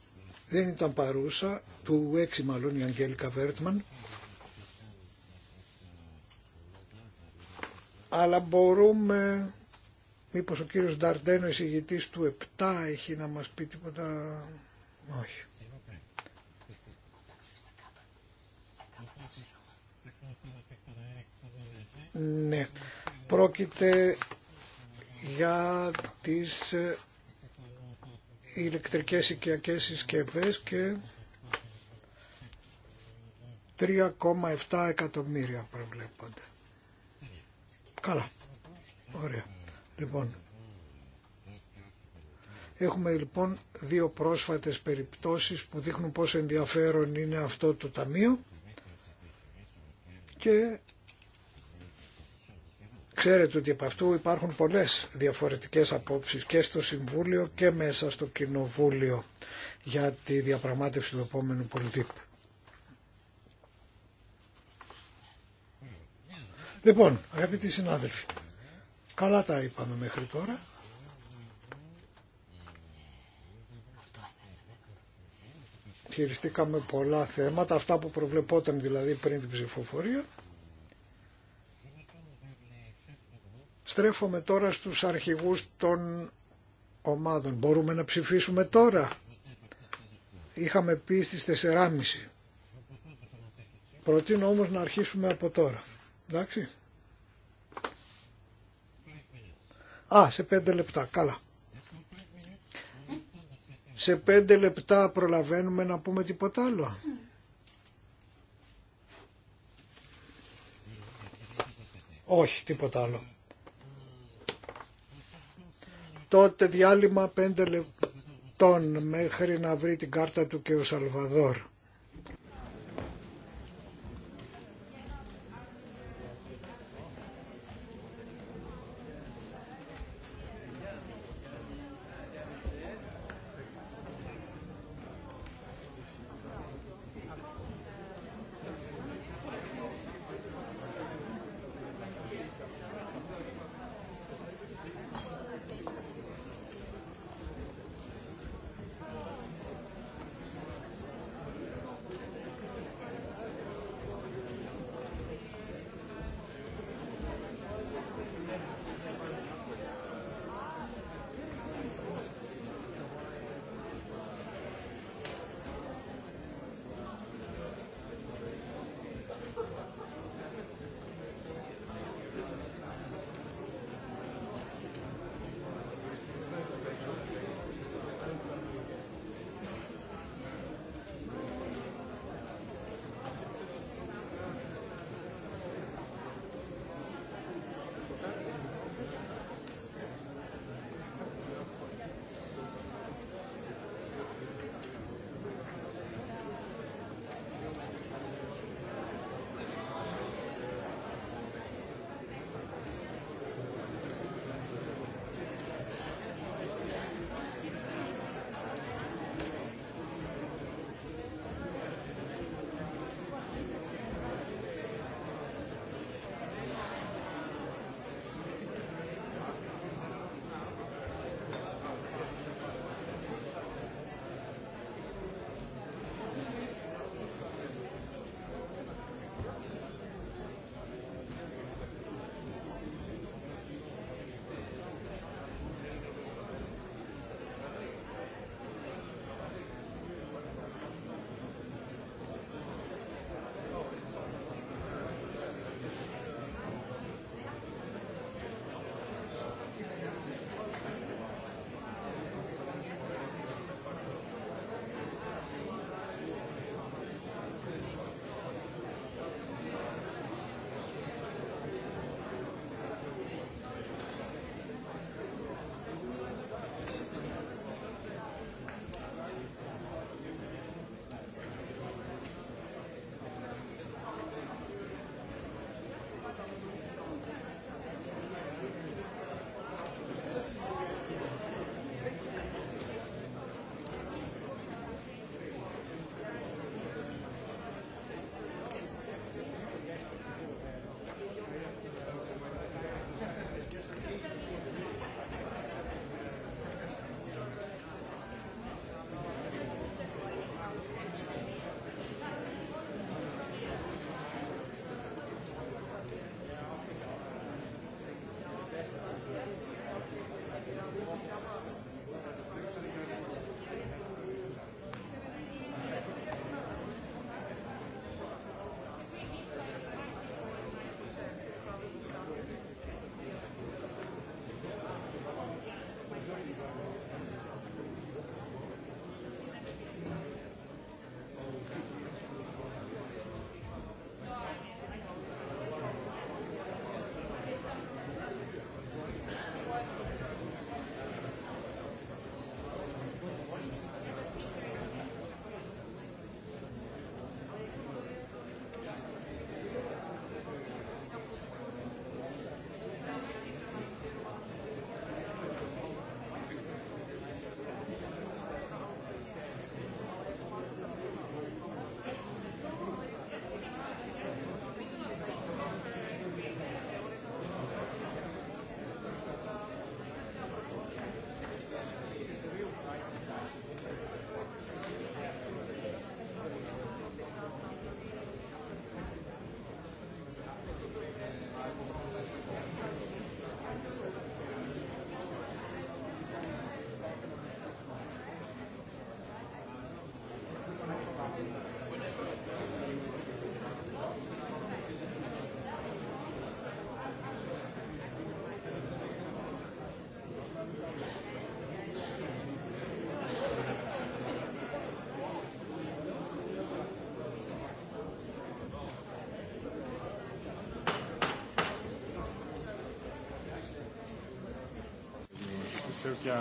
δεν ήταν παρούσα, του 6 μάλλον η Αγγέλικα Βέρτμαν, αλλά μπορούμε, μήπως ο κύριος Νταρντένο εισηγητής του 7 έχει να μας πει τίποτα, όχι. Ναι, πρόκειται για τις ε, ηλεκτρικές οικιακές συσκευές και 3,7 εκατομμύρια προβλέπονται. Καλά. Ωραία. Λοιπόν, έχουμε λοιπόν δύο πρόσφατες περιπτώσεις που δείχνουν πόσο ενδιαφέρον είναι αυτό το ταμείο και Ξέρετε ότι από αυτού υπάρχουν πολλές διαφορετικές απόψεις και στο Συμβούλιο και μέσα στο Κοινοβούλιο για τη διαπραγμάτευση του επόμενου πολιτικού. Λοιπόν, αγαπητοί συνάδελφοι, καλά τα είπαμε μέχρι τώρα. Χειριστήκαμε πολλά θέματα, αυτά που προβλεπόταν δηλαδή πριν την ψηφοφορία. Στρέφομαι τώρα στους αρχηγούς των ομάδων. Μπορούμε να ψηφίσουμε τώρα. Είχαμε πει στις 4.30. Προτείνω όμως να αρχίσουμε από τώρα. Εντάξει. Α, σε πέντε λεπτά. Καλά. Σε πέντε λεπτά προλαβαίνουμε να πούμε τίποτα άλλο. Όχι, τίποτα άλλο τότε διάλειμμα 5 λεπτών μέχρι να βρει την κάρτα του και ο Σαλβαδόρ.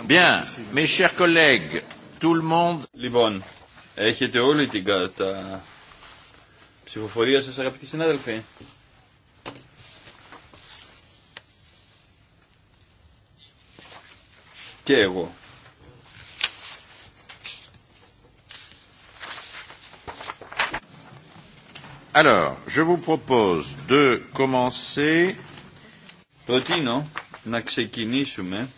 Bien, mes chers collègues, tout le monde... Λοιπόν, έχετε όλη την κατά ψηφοφορία σας αγαπητοί συνάδελφοι. Και εγώ. Alors, je vous propose de commencer... Προτείνω να ξεκινήσουμε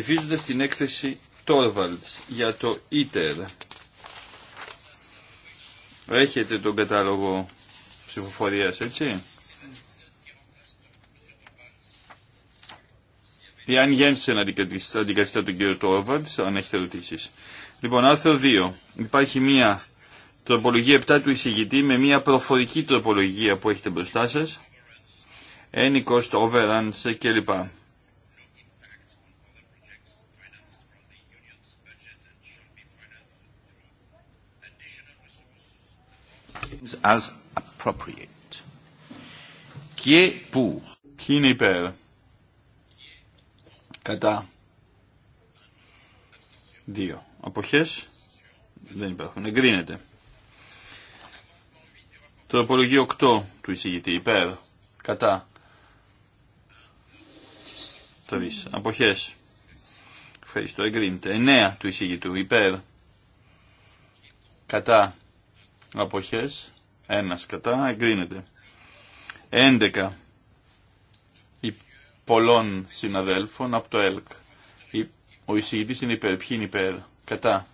ψηφίζοντας την έκθεση Torvalds για το ITER. Έχετε τον κατάλογο ψηφοφορίας, έτσι. Η Αν να αντικαθιστά τον κύριο Torvalds, αν έχετε ερωτήσει. Λοιπόν, άρθρο 2. Υπάρχει μία τροπολογία 7 του εισηγητή με μία προφορική τροπολογία που έχετε μπροστά σας. cost, overruns κλπ. deems as appropriate. Qui pour? Ποιοι είναι υπέρ. Κατά. Δύο. Αποχές. Δεν υπάρχουν. Εγκρίνεται. Το απολογεί 8 του εισηγητή. Υπέρ. Κατά. Τρεις. Αποχές. Ευχαριστώ. Εγκρίνεται. Εννέα του εισηγητού. Υπέρ. Κατά. Αποχές. Ένα κατά, εγκρίνεται. Έντεκα. οι πολλών συναδέλφων από το ΕΛΚ. Ο εισηγητή είναι υπέρ. Ποιοι είναι υπέρ. Κατά.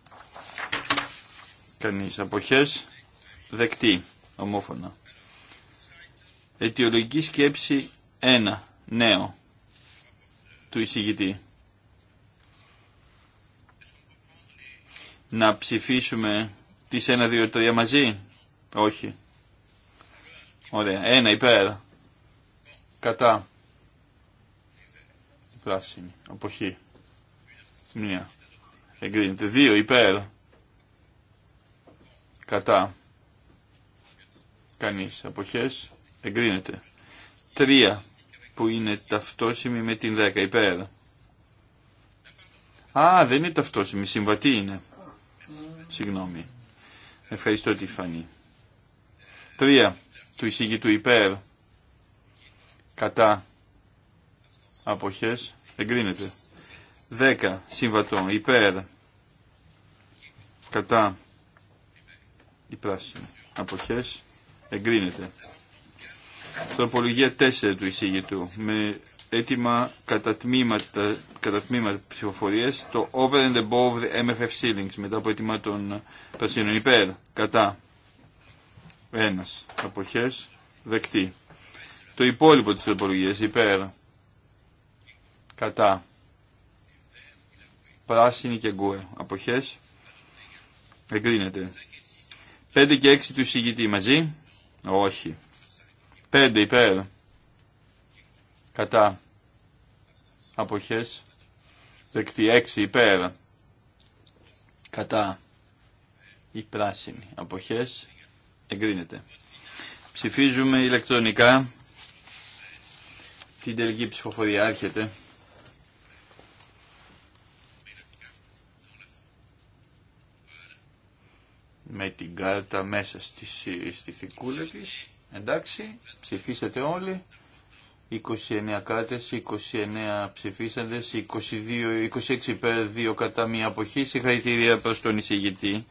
κανεί Αποχές. Δεκτή. Ομόφωνα. Αιτιολογική σκέψη Ένα. Νέο. Του εισηγητή. Να ψηφίσουμε τις 1, 2, 3 μαζί. Όχι. Ωραία. Ένα υπέρ. Κατά. Πράσινη. Αποχή. Μία. Εγκρίνεται. Δύο υπέρ. Κατά. Κανείς. Αποχές. Εγκρίνεται. Τρία που είναι ταυτόσιμη με την δέκα υπέρ. Α, δεν είναι ταυτόσιμη, συμβατή είναι. Συγγνώμη. Ευχαριστώ τη φανή. 3 του εισηγητού υπέρ κατά αποχές εγκρίνεται. 10 συμβατών υπέρ κατά η πράσινη αποχές εγκρίνεται. Τροπολογία 4 του εισηγητού με έτοιμα κατά τμήματα, κατά τμήματα ψηφοφορίες το over and above the MFF ceilings μετά από έτοιμα των πρασίνων υπέρ κατά ένας. Αποχές. Δεκτή. Το υπόλοιπο της τροπολογίας υπέρ. Κατά. Πράσινη και γκουε. Αποχές. Εγκρίνεται. Πέντε και έξι του εισηγητή μαζί. Όχι. Πέντε υπέρ. Κατά. Αποχές. Δεκτή. Έξι υπέρ. Κατά. Η πράσινη. Αποχές. Εγκρίνεται. Ψηφίζουμε ηλεκτρονικά. Την τελική ψηφοφορία άρχεται. Με την κάρτα μέσα στη, στη θηκούλα της. Εντάξει, ψηφίσατε όλοι. 29 κάρτες, 29 ψηφίσαντες, 22, 26 υπέρ, 2 κατά μία αποχή. Συγχαρητήρια προς τον εισηγητή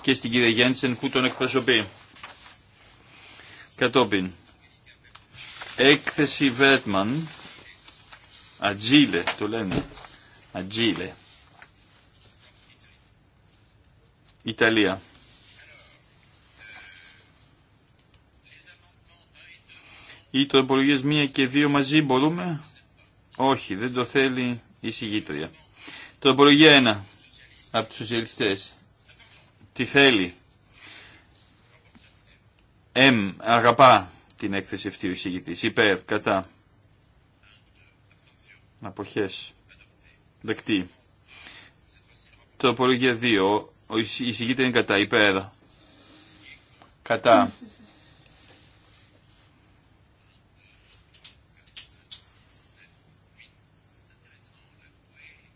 και στην κυρία Γέντσεν που τον εκπροσωπεί. Κατόπιν, έκθεση Βέτμαν, Ατζίλε το λένε, Ατζίλε, Ιταλία. Ή το μία και δύο μαζί μπορούμε. Όχι, δεν το θέλει η συγγήτρια. Το ένα από τους σοσιαλιστές. Τι θέλει. ΕΜ αγαπά την έκθεση αυτή ο εισηγητής. Υπέρ, κατά. Αποχές. Δεκτή. Τοπολογία 2. Ο εισηγητής είναι κατά. Υπέρ. Κατά.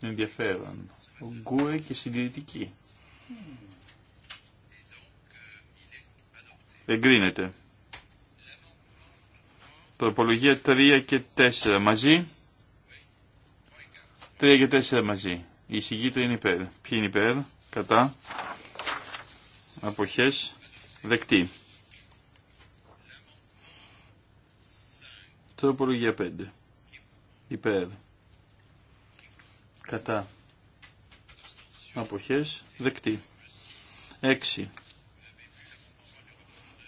ενδιαφέρον. Γκουε και συντηρητική. Εγκρίνεται. Τροπολογία 3 και 4 μαζί. 3 και 4 μαζί. Η εισηγήτρια είναι υπέρ. Ποιοι είναι υπέρ. Κατά. Αποχές. Δεκτή. Τροπολογία 5. Υπέρ. Κατά. Αποχές. Δεκτή. 6.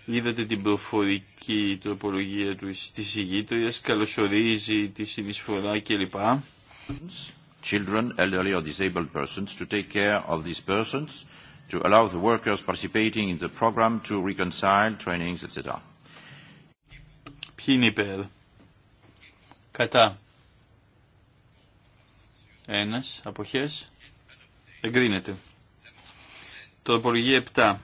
Είδατε την προφορική τροπολογία του της ηγήτριας, καλωσορίζει τη συνεισφορά κλπ. Children, elderly or disabled persons to take care of these persons, to allow the workers participating in the program to reconcile trainings, etc. Ποιοι είναι Κατά. Ένας. Αποχές. Εγκρίνεται. Τροπολογία 7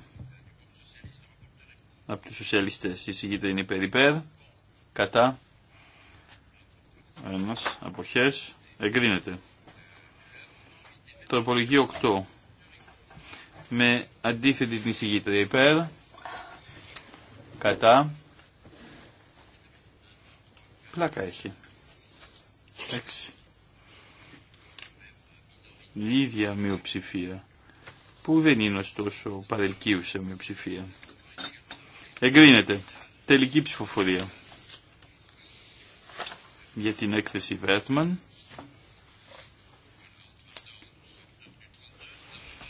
από τους σοσιαλιστές. Η συγκίτρια είναι υπέρ υπέρ, κατά, ένας, αποχές, εγκρίνεται. Τροπολογία 8. Με αντίθετη την συγκίτρια υπέρ, κατά, πλάκα έχει. 6. Η ίδια μειοψηφία, που δεν είναι ωστόσο παρελκύουσα μειοψηφία. Εγκρίνεται. Τελική ψηφοφορία. Για την έκθεση Βέρτμαν.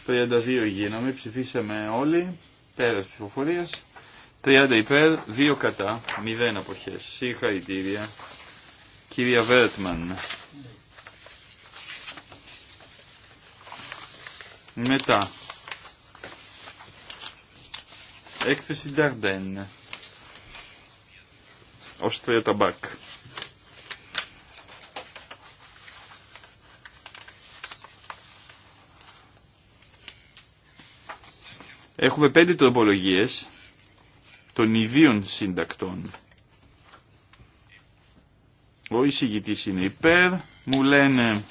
32 γίναμε, ψηφίσαμε όλοι, πέρας ψηφοφορίας, 30 υπέρ, 2 κατά, 0 αποχές. Συγχαρητήρια, κυρία Βέρτμαν. Μετά, Έκθεση Νταρντέν. Όστρια Ταμπάκ. Έχουμε πέντε τροπολογίες των ιδίων συντακτών. Ο εισηγητής είναι υπέρ. Μου λένε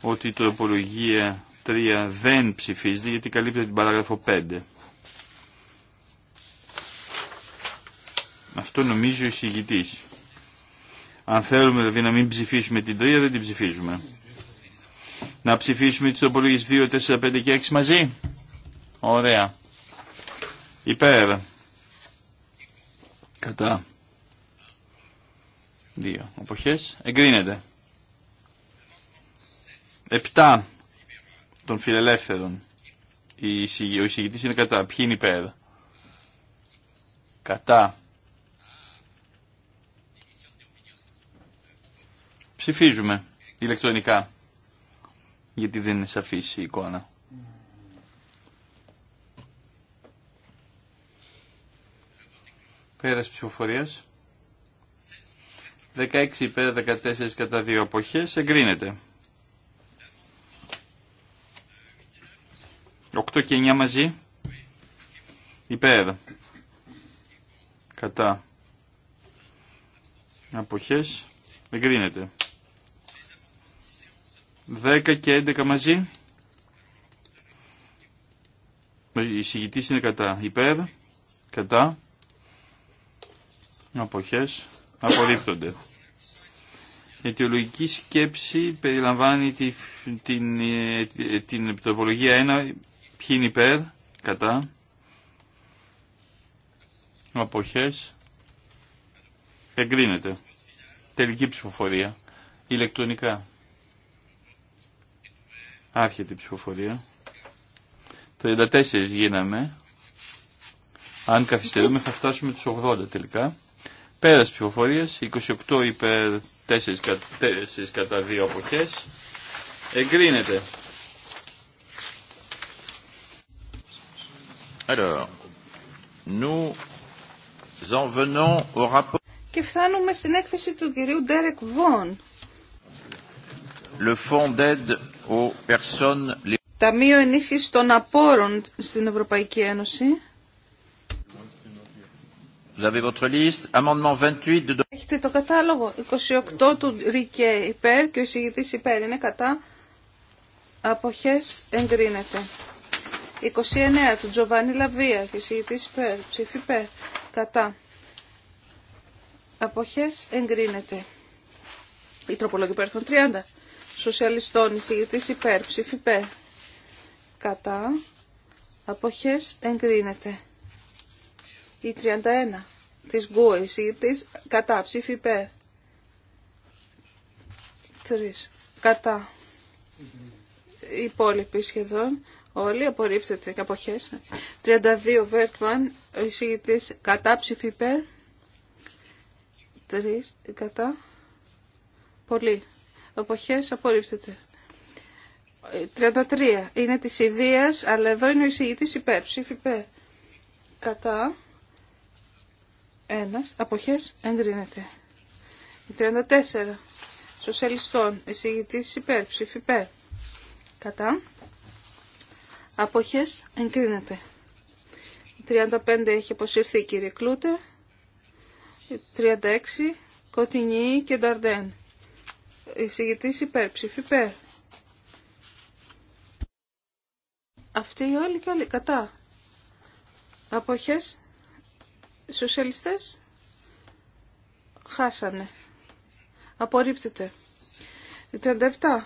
ότι η τροπολογία 3 δεν ψηφίζεται γιατί καλύπτει την παράγραφο 5. Αυτό νομίζει ο εισηγητής. Αν θέλουμε δηλαδή να μην ψηφίσουμε την τρία, δεν την ψηφίζουμε. Να ψηφίσουμε τι τροπολογίες 2, 4, 5 και 6 μαζί. Ωραία. Υπέρ. Κατά. Δύο. Οποχές. Εγκρίνεται. Επτά των φιλελεύθερων. Ο εισηγητής είναι κατά. Ποιοι είναι υπέρ. Κατά. Ψηφίζουμε ηλεκτρονικά, γιατί δεν είναι σαφής η εικόνα. Πέρας ψηφοφορίας. 16 υπέρ 14 κατά 2 αποχές εγκρίνεται. 8 και 9 μαζί. Υπέρ. Κατά. Αποχές. Εγκρίνεται. 10 και 11 μαζί. Ε, η συγητής είναι κατά. Υπέρ, κατά, αποχές, απορρίπτονται. Η αιτιολογική σκέψη περιλαμβάνει τη, την, ε, την επιτροπολογία 1, ποιοι είναι υπέρ, κατά, αποχές, εγκρίνεται. Τελική ψηφοφορία, ηλεκτρονικά. Άρχεται η ψηφοφορία. 34 γίναμε. Αν καθυστερούμε θα φτάσουμε τους 80 τελικά. Πέρας ψηφοφορίας, 28 υπέρ 4, 4 κατά 2 αποχές. Εγκρίνεται. Alors, nous en venons au rapport... Και φτάνουμε στην έκθεση του κυρίου Ντέρεκ Βον. Le Fonds d'aide Ταμείο ενίσχυσης των απόρων στην Ευρωπαϊκή Ένωση. Έχετε το κατάλογο. 28 του Ρικέ υπέρ και ο εισηγητής υπέρ είναι κατά. Αποχές εγκρίνεται. 29 του Τζοβάνι Λαβία και ο εισηγητής υπέρ. Ψήφι υπέρ. Κατά. Αποχές εγκρίνεται. Η τροπολογία υπέρ 30 σοσιαλιστών εισηγητής υπέρ ψηφιπέ κατά αποχές εγκρίνεται η 31 της Γκου εισηγητής κατά ψηφιπέ τρεις 3 κατά οι υπόλοιποι σχεδόν όλοι απορρίπτεται και αποχές 32 Βέρτμαν εισηγητής κατά ψηφιπέ κατά πολύ αποχές απορρίπτεται. Ε, 33 είναι της ιδίας, αλλά εδώ είναι ο εισηγητής υπέρ, ψήφι Κατά, ένας, αποχές εγκρίνεται. 34 σοσιαλιστών, εισηγητής υπέρ, ψήφι υπέρ. Κατά, αποχές εγκρίνεται. 35 έχει αποσυρθεί κύριε Κλούτε. 36 κότινι και Νταρντέν εισηγητής υπέρ, ψήφι υπέρ. Αυτοί οι όλοι και όλοι, κατά. Αποχές, σοσιαλιστές, χάσανε. Απορρίπτεται. 37.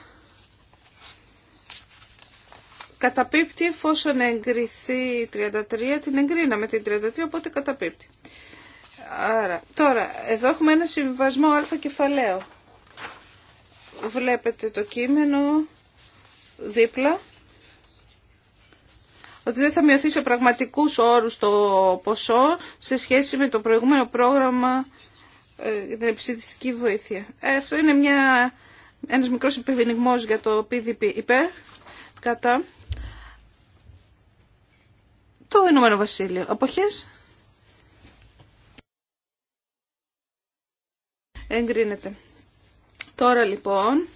Καταπίπτει εφόσον εγκριθεί 33, την εγκρίναμε την 33, οπότε καταπίπτει. Άρα, τώρα, εδώ έχουμε ένα συμβιβασμό α κεφαλαίο βλέπετε το κείμενο δίπλα ότι δεν θα μειωθεί σε πραγματικούς όρους το ποσό σε σχέση με το προηγούμενο πρόγραμμα ε, για την επιστημιστική βοήθεια. Ε, αυτό είναι μια, ένας μικρός επιβενιγμός για το PDP υπέρ κατά το Ηνωμένο Βασίλειο. Αποχές. Εγκρίνεται. Τώρα λοιπόν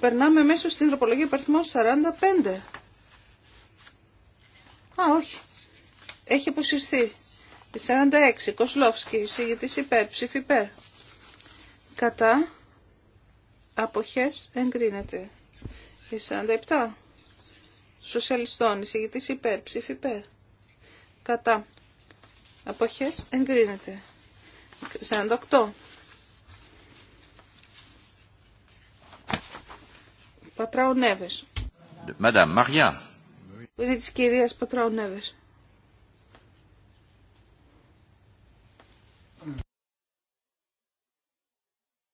περνάμε μέσω στην τροπολογία υπαριθμών 45. Α, όχι. Έχει αποσυρθεί. 46. Κοσλόφσκι, εισηγητής υπέρ, ψήφι υπέρ. Κατά αποχές εγκρίνεται. 47. Σοσιαλιστών, εισηγητής υπέρ, ψήφι υπέρ. Κατά αποχές εγκρίνεται. 48. Πατράου Νέβες. Είναι της κυρίας Πατράου Νέβες.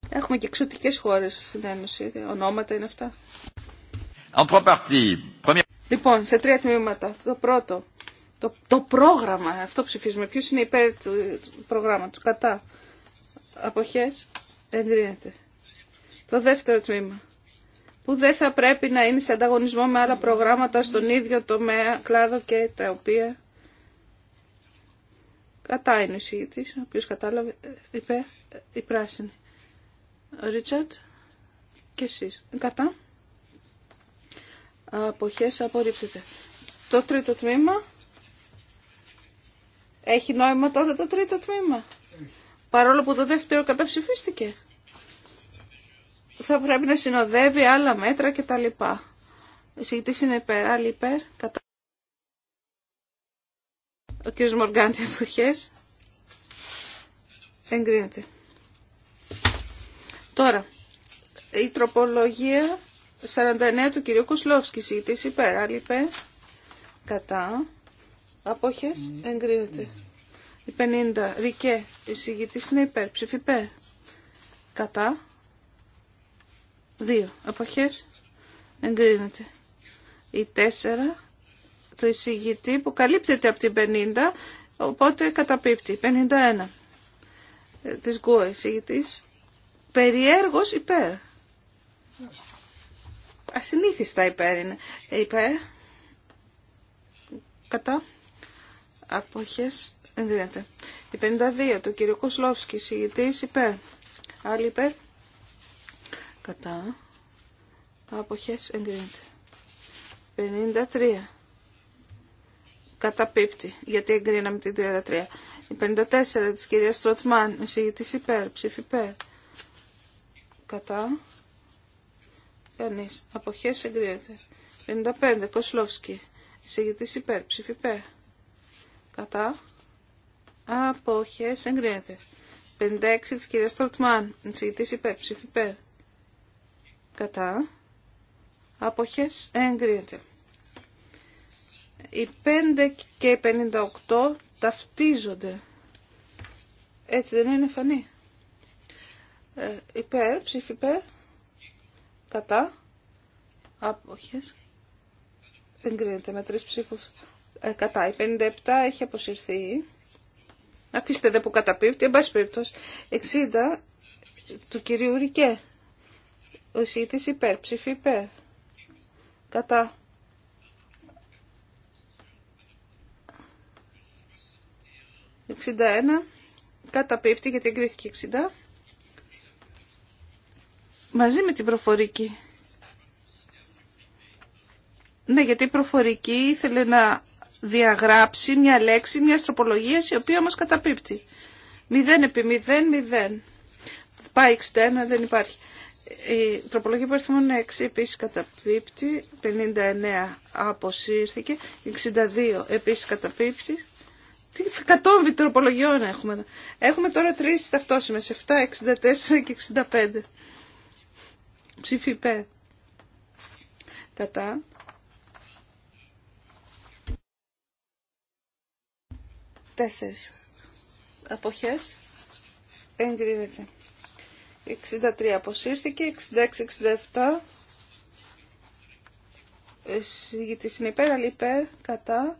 Έχουμε και εξωτικέ χώρε στην Ένωση. Ονόματα είναι αυτά. Λοιπόν, σε τρία τμήματα. Το πρώτο, το, πρόγραμμα, αυτό ψηφίζουμε. Ποιο είναι υπέρ του προγράμματος, κατά. Αποχές, εγκρίνεται. Το δεύτερο τμήμα, που δεν θα πρέπει να είναι σε ανταγωνισμό με άλλα προγράμματα στον ίδιο τομέα, κλάδο και τα οποία κατά είναι ο ο οποίος κατάλαβε, είπε η πράσινη. Ο Ρίτσαρτ και εσείς. Κατά. Αποχές απορρίψετε. Το τρίτο τμήμα. Έχει νόημα τώρα το τρίτο τμήμα. Παρόλο που το δεύτερο καταψηφίστηκε θα πρέπει να συνοδεύει άλλα μέτρα κτλ. Συγητής είναι υπέρ, Λίπερ, υπέρ, κατά. Ο κ. Μοργκάντη εποχές. Εγκρίνεται. Τώρα, η τροπολογία 49 του κυρίου Κουσλόφσκη, συγητής υπέρ, άλλη υπέρ, κατά. Απόχες, εγκρίνεται. Η 50, Ρικέ, η είναι υπέρ, ψηφιπέρ, κατά. Δύο εποχές εγκρίνεται. Η τέσσερα το εισηγητή που καλύπτεται από την 50, οπότε καταπίπτει. 51 ε, της γκουα εισηγητής, περιέργως υπέρ. Ασυνήθιστα υπέρ είναι. Ε, υπέρ. Κατά. Αποχές εγκρίνεται. Η 52 του κυρίου Κοσλόφσκη εισηγητής υπέρ. Άλλη υπέρ κατά αποχές εγκρίνεται 53 πίπτη γιατί εγκρίναμε την 33 η 54 της κυρίας Στροτμάν εισηγητής υπέρ ψήφι κατά κανείς αποχές εγκρίνεται 55 Κοσλόφσκι εισηγητής υπέρ ψήφι κατά αποχές εγκρίνεται 56 της κυρίας Τροτμάν εισηγητής υπέρ ψήφι κατά αποχές εγκρίνεται. Οι 5 και οι 58 ταυτίζονται. Έτσι δεν είναι φανή. Ε, υπέρ, ψήφι υπέρ, κατά, αποχές, εγκρίνεται με τρεις ψήφους ε, κατά. Η 57 έχει αποσυρθεί. Αφήστε δε που καταπίπτει, εν πάση 60 του κυρίου Ρικέ. Ο ΣΥΤΙΣ υπέρ. Ψηφί υπέρ. Κατά. «61» καταπίπτει γιατί εγκρίθηκε 60 μαζί με την προφορική. Ναι, γιατί η προφορική ήθελε να διαγράψει μια λέξη μια τροπολογία η οποία όμως καταπίπτει. 0 επί 0, 0. Πάει 61, δεν υπάρχει. Η τροπολογία που 6 επίση καταπίπτει, 59 αποσύρθηκε, 62 επίση καταπίπτει. Τι κατόμβη τροπολογιών έχουμε εδώ. Έχουμε τώρα τρεις ταυτόσημες, 7, 64 και 65. Ψήφι Τα Κατά. Τέσσερι. Αποχές. Εγκρίνεται. 63 αποσύρθηκε, 66-67 ε, γιατί είναι υπέρ, αλλά υπέρ, κατά,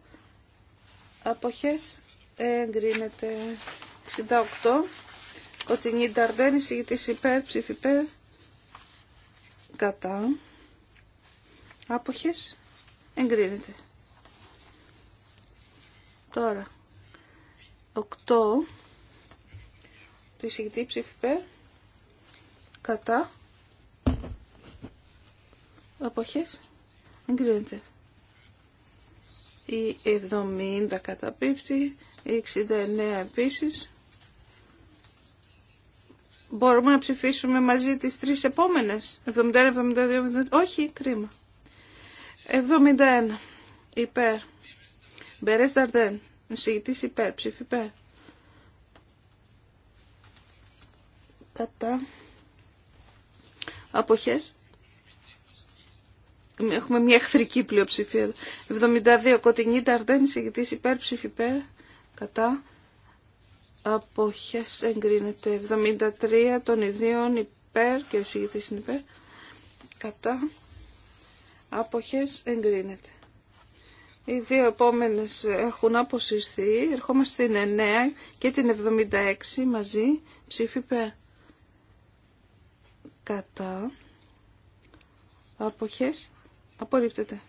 αποχές, εγκρίνεται 68, κοτεινή ταρδένη, συγητής υπέρ, ψήφι υπέρ, κατά, αποχές, εγκρίνεται. Τώρα, 8, του εισηγητή ψήφι υπέρ, κατά αποχές εγκρίνεται η 70 καταπίπτει η 69 επίσης μπορούμε να ψηφίσουμε μαζί τις τρεις επόμενες 71, 72, 72 όχι κρίμα 71 υπέρ Μπερές Δαρδέν νοσηγητής υπέρ ψήφι υπέρ κατά αποχές. Έχουμε μια εχθρική πλειοψηφία. 72 κοτεινή ταρτένη ηγητής υπέρ ψήφι κατά αποχές εγκρίνεται. 73 των ιδίων υπέρ και ο είναι υπέρ κατά αποχές εγκρίνεται. Οι δύο επόμενες έχουν αποσυρθεί. Ερχόμαστε στην 9 και την 76 μαζί ψήφι υπέρ κατά αποχές απορρίπτεται.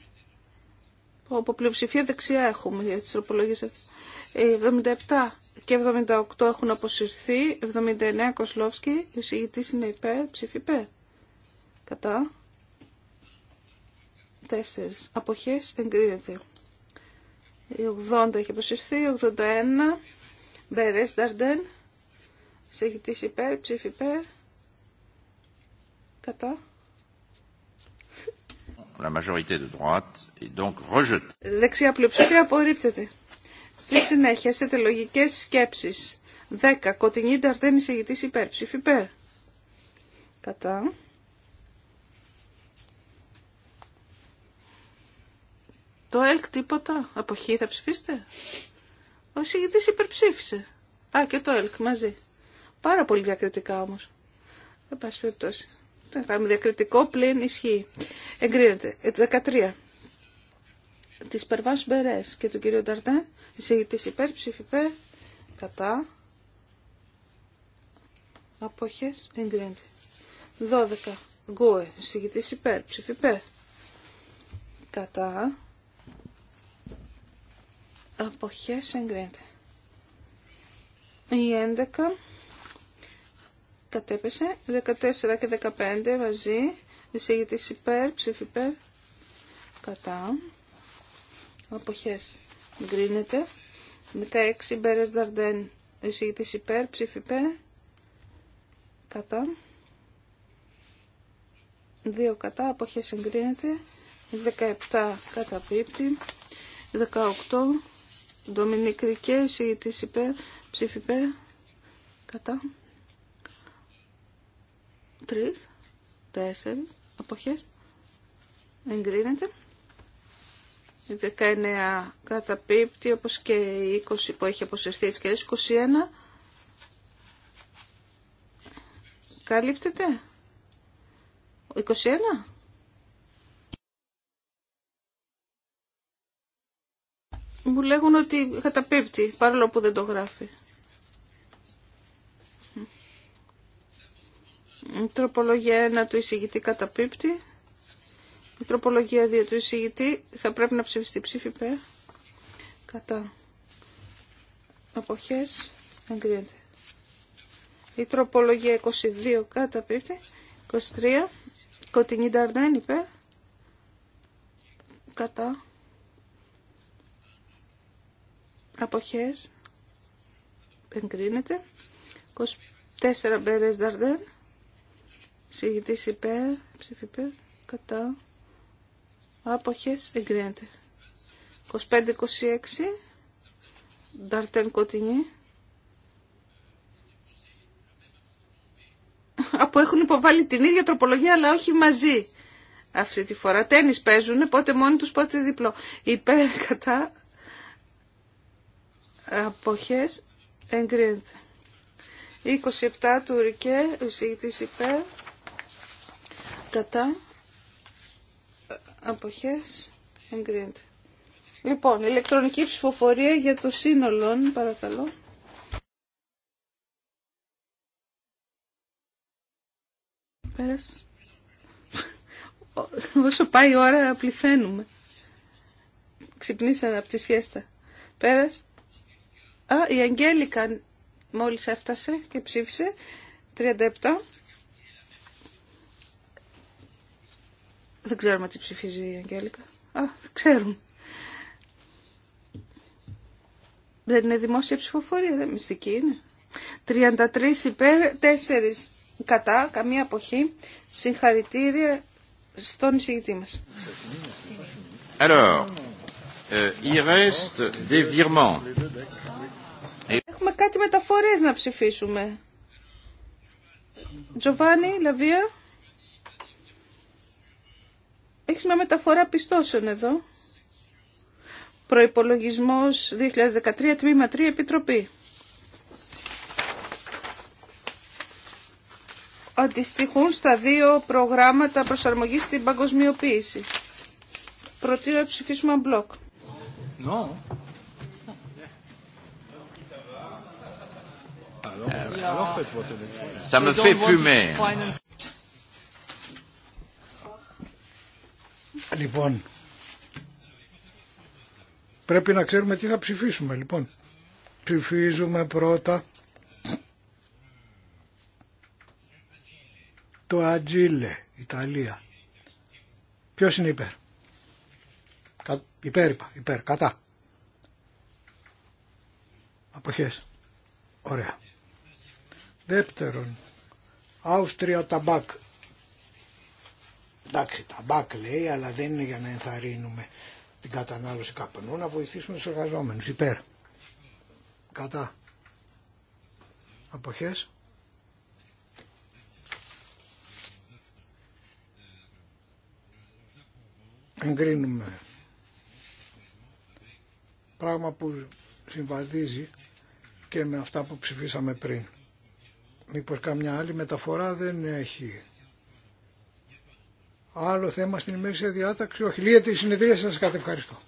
Από πλειοψηφία δεξιά έχουμε για τις τροπολογίες αυτές. 77 ε, και 78 έχουν αποσυρθεί. 79 Κοσλόφσκι, ο συγητής είναι υπέρ, ψήφι υπέρ. Κατά. 4. Αποχές εγκρίνεται. 80 έχει αποσυρθεί. 81. Μπερές Νταρντέν. υπέρ, ψήφι υπέρ. Κατά. La majorité de droite est donc rejetée. Δεξιά πλειοψηφία απορρίπτεται. Στη συνέχεια, σε τελογικέ σκέψει. 10. Κοτεινή Νταρδένη ηγητή υπέρ. Ψήφι υπέρ. Κατά. Το ΕΛΚ τίποτα. Αποχή θα ψηφίσετε. Ο εισηγητής υπερψήφισε. Α, και το ΕΛΚ μαζί. Πάρα πολύ διακριτικά όμω. Εν πάση περιπτώσει θα κάνουμε διακριτικό πλήν ισχύει. Εγκρίνεται. 13. Ε, Της Περβάς Μπερές και του κυρίου Νταρτέ, εισηγητής υπέρ, ψήφι κατά, απόχες, εγκρίνεται. 12. Γκούε, εισηγητής υπέρ, ψήφι κατά, απόχες, εγκρίνεται. Η 11 κατέπεσε. 14 και 15 μαζί. Εισηγητής υπέρ, ψήφι υπέρ. Κατά. Αποχές. Γκρίνεται. 16 Μπέρες Δαρντέν. Εισηγητής υπέρ, ψήφι υπέρ. Κατά. 2 κατά. Αποχές εγκρίνεται. 17 καταπίπτει. 18 Ρικέ, εισηγητής υπέρ, ψήφι υπέρ. Κατά τρεις, τέσσερις αποχές εγκρίνεται. Η 19 καταπίπτει όπως και η 20 που έχει αποσυρθεί και 21 καλύπτεται. 21 μου λέγουν ότι καταπίπτει, παρόλο που δεν το γράφει. Η τροπολογία 1 του εισηγητή καταπίπτει. Η τροπολογία 2 του εισηγητή θα πρέπει να ψηφιστεί ψήφι πέ. Κατά. Αποχές. Εγκρίνεται. Η τροπολογία 22 καταπίπτει. 23. Κοτινή Νταρντέν Κατά. Αποχές. Εγκρίνεται. 24 Μπέρες Νταρντέν Συγητής υπέρ, υπέρ, κατά, άποχες, εγκρίνεται. 25-26, Νταρτέν Κοτινή. Από έχουν υποβάλει την ίδια τροπολογία, αλλά όχι μαζί αυτή τη φορά. Τένις παίζουν, πότε μόνοι τους, πότε διπλό. Υπέρ, κατά, αποχές, εγκρίνεται. 27 του Ρικέ, ο υπέρ, κατά αποχές εγκρίνεται. Λοιπόν, ηλεκτρονική ψηφοφορία για το σύνολο, παρακαλώ. Πέρασε. Όσο πάει η ώρα πληθαίνουμε. Ξυπνήσαν από τη σιέστα. Πέρασε. Α, η Αγγέλικα μόλις έφτασε και ψήφισε. 37 Δεν ξέρουμε τι ψηφίζει η Αγγέλικα. Α, ξέρουν. Δεν είναι δημόσια ψηφοφορία, δεν μυστική είναι. 33 υπέρ, 4 κατά, καμία αποχή. Συγχαρητήρια στον εισηγητή μας. Alors, euh, Έχουμε κάτι μεταφορές να ψηφίσουμε. Τζοβάνι, Λαβία. Έχεις μια μεταφορά πιστώσεων εδώ. Προϋπολογισμός 2013, τμήμα 3, Επιτροπή. Αντιστοιχούν στα δύο προγράμματα προσαρμογής στην παγκοσμιοποίηση. Προτείνω να ψηφίσουμε μπλοκ. No. Ça me fait fumer. Λοιπόν, πρέπει να ξέρουμε τι θα ψηφίσουμε. Λοιπόν, ψηφίζουμε πρώτα το Ατζίλε, Ιταλία. Ποιος είναι υπέρ. Κα, υπέρ είπα, υπέρ, κατά. Αποχές. Ωραία. Δεύτερον, Αύστρια Ταμπάκ, Εντάξει, τα μπακ λέει, αλλά δεν είναι για να ενθαρρύνουμε την κατανάλωση καπνού, να βοηθήσουμε τους εργαζόμενους. Υπέρ. Κατά. Αποχές. Εγκρίνουμε. Πράγμα που συμβαδίζει και με αυτά που ψηφίσαμε πριν. Μήπως κάμια άλλη μεταφορά δεν έχει άλλο θέμα στην σε διάταξη. Όχι, λύεται η συνεδρία σας. Κατευχαριστώ.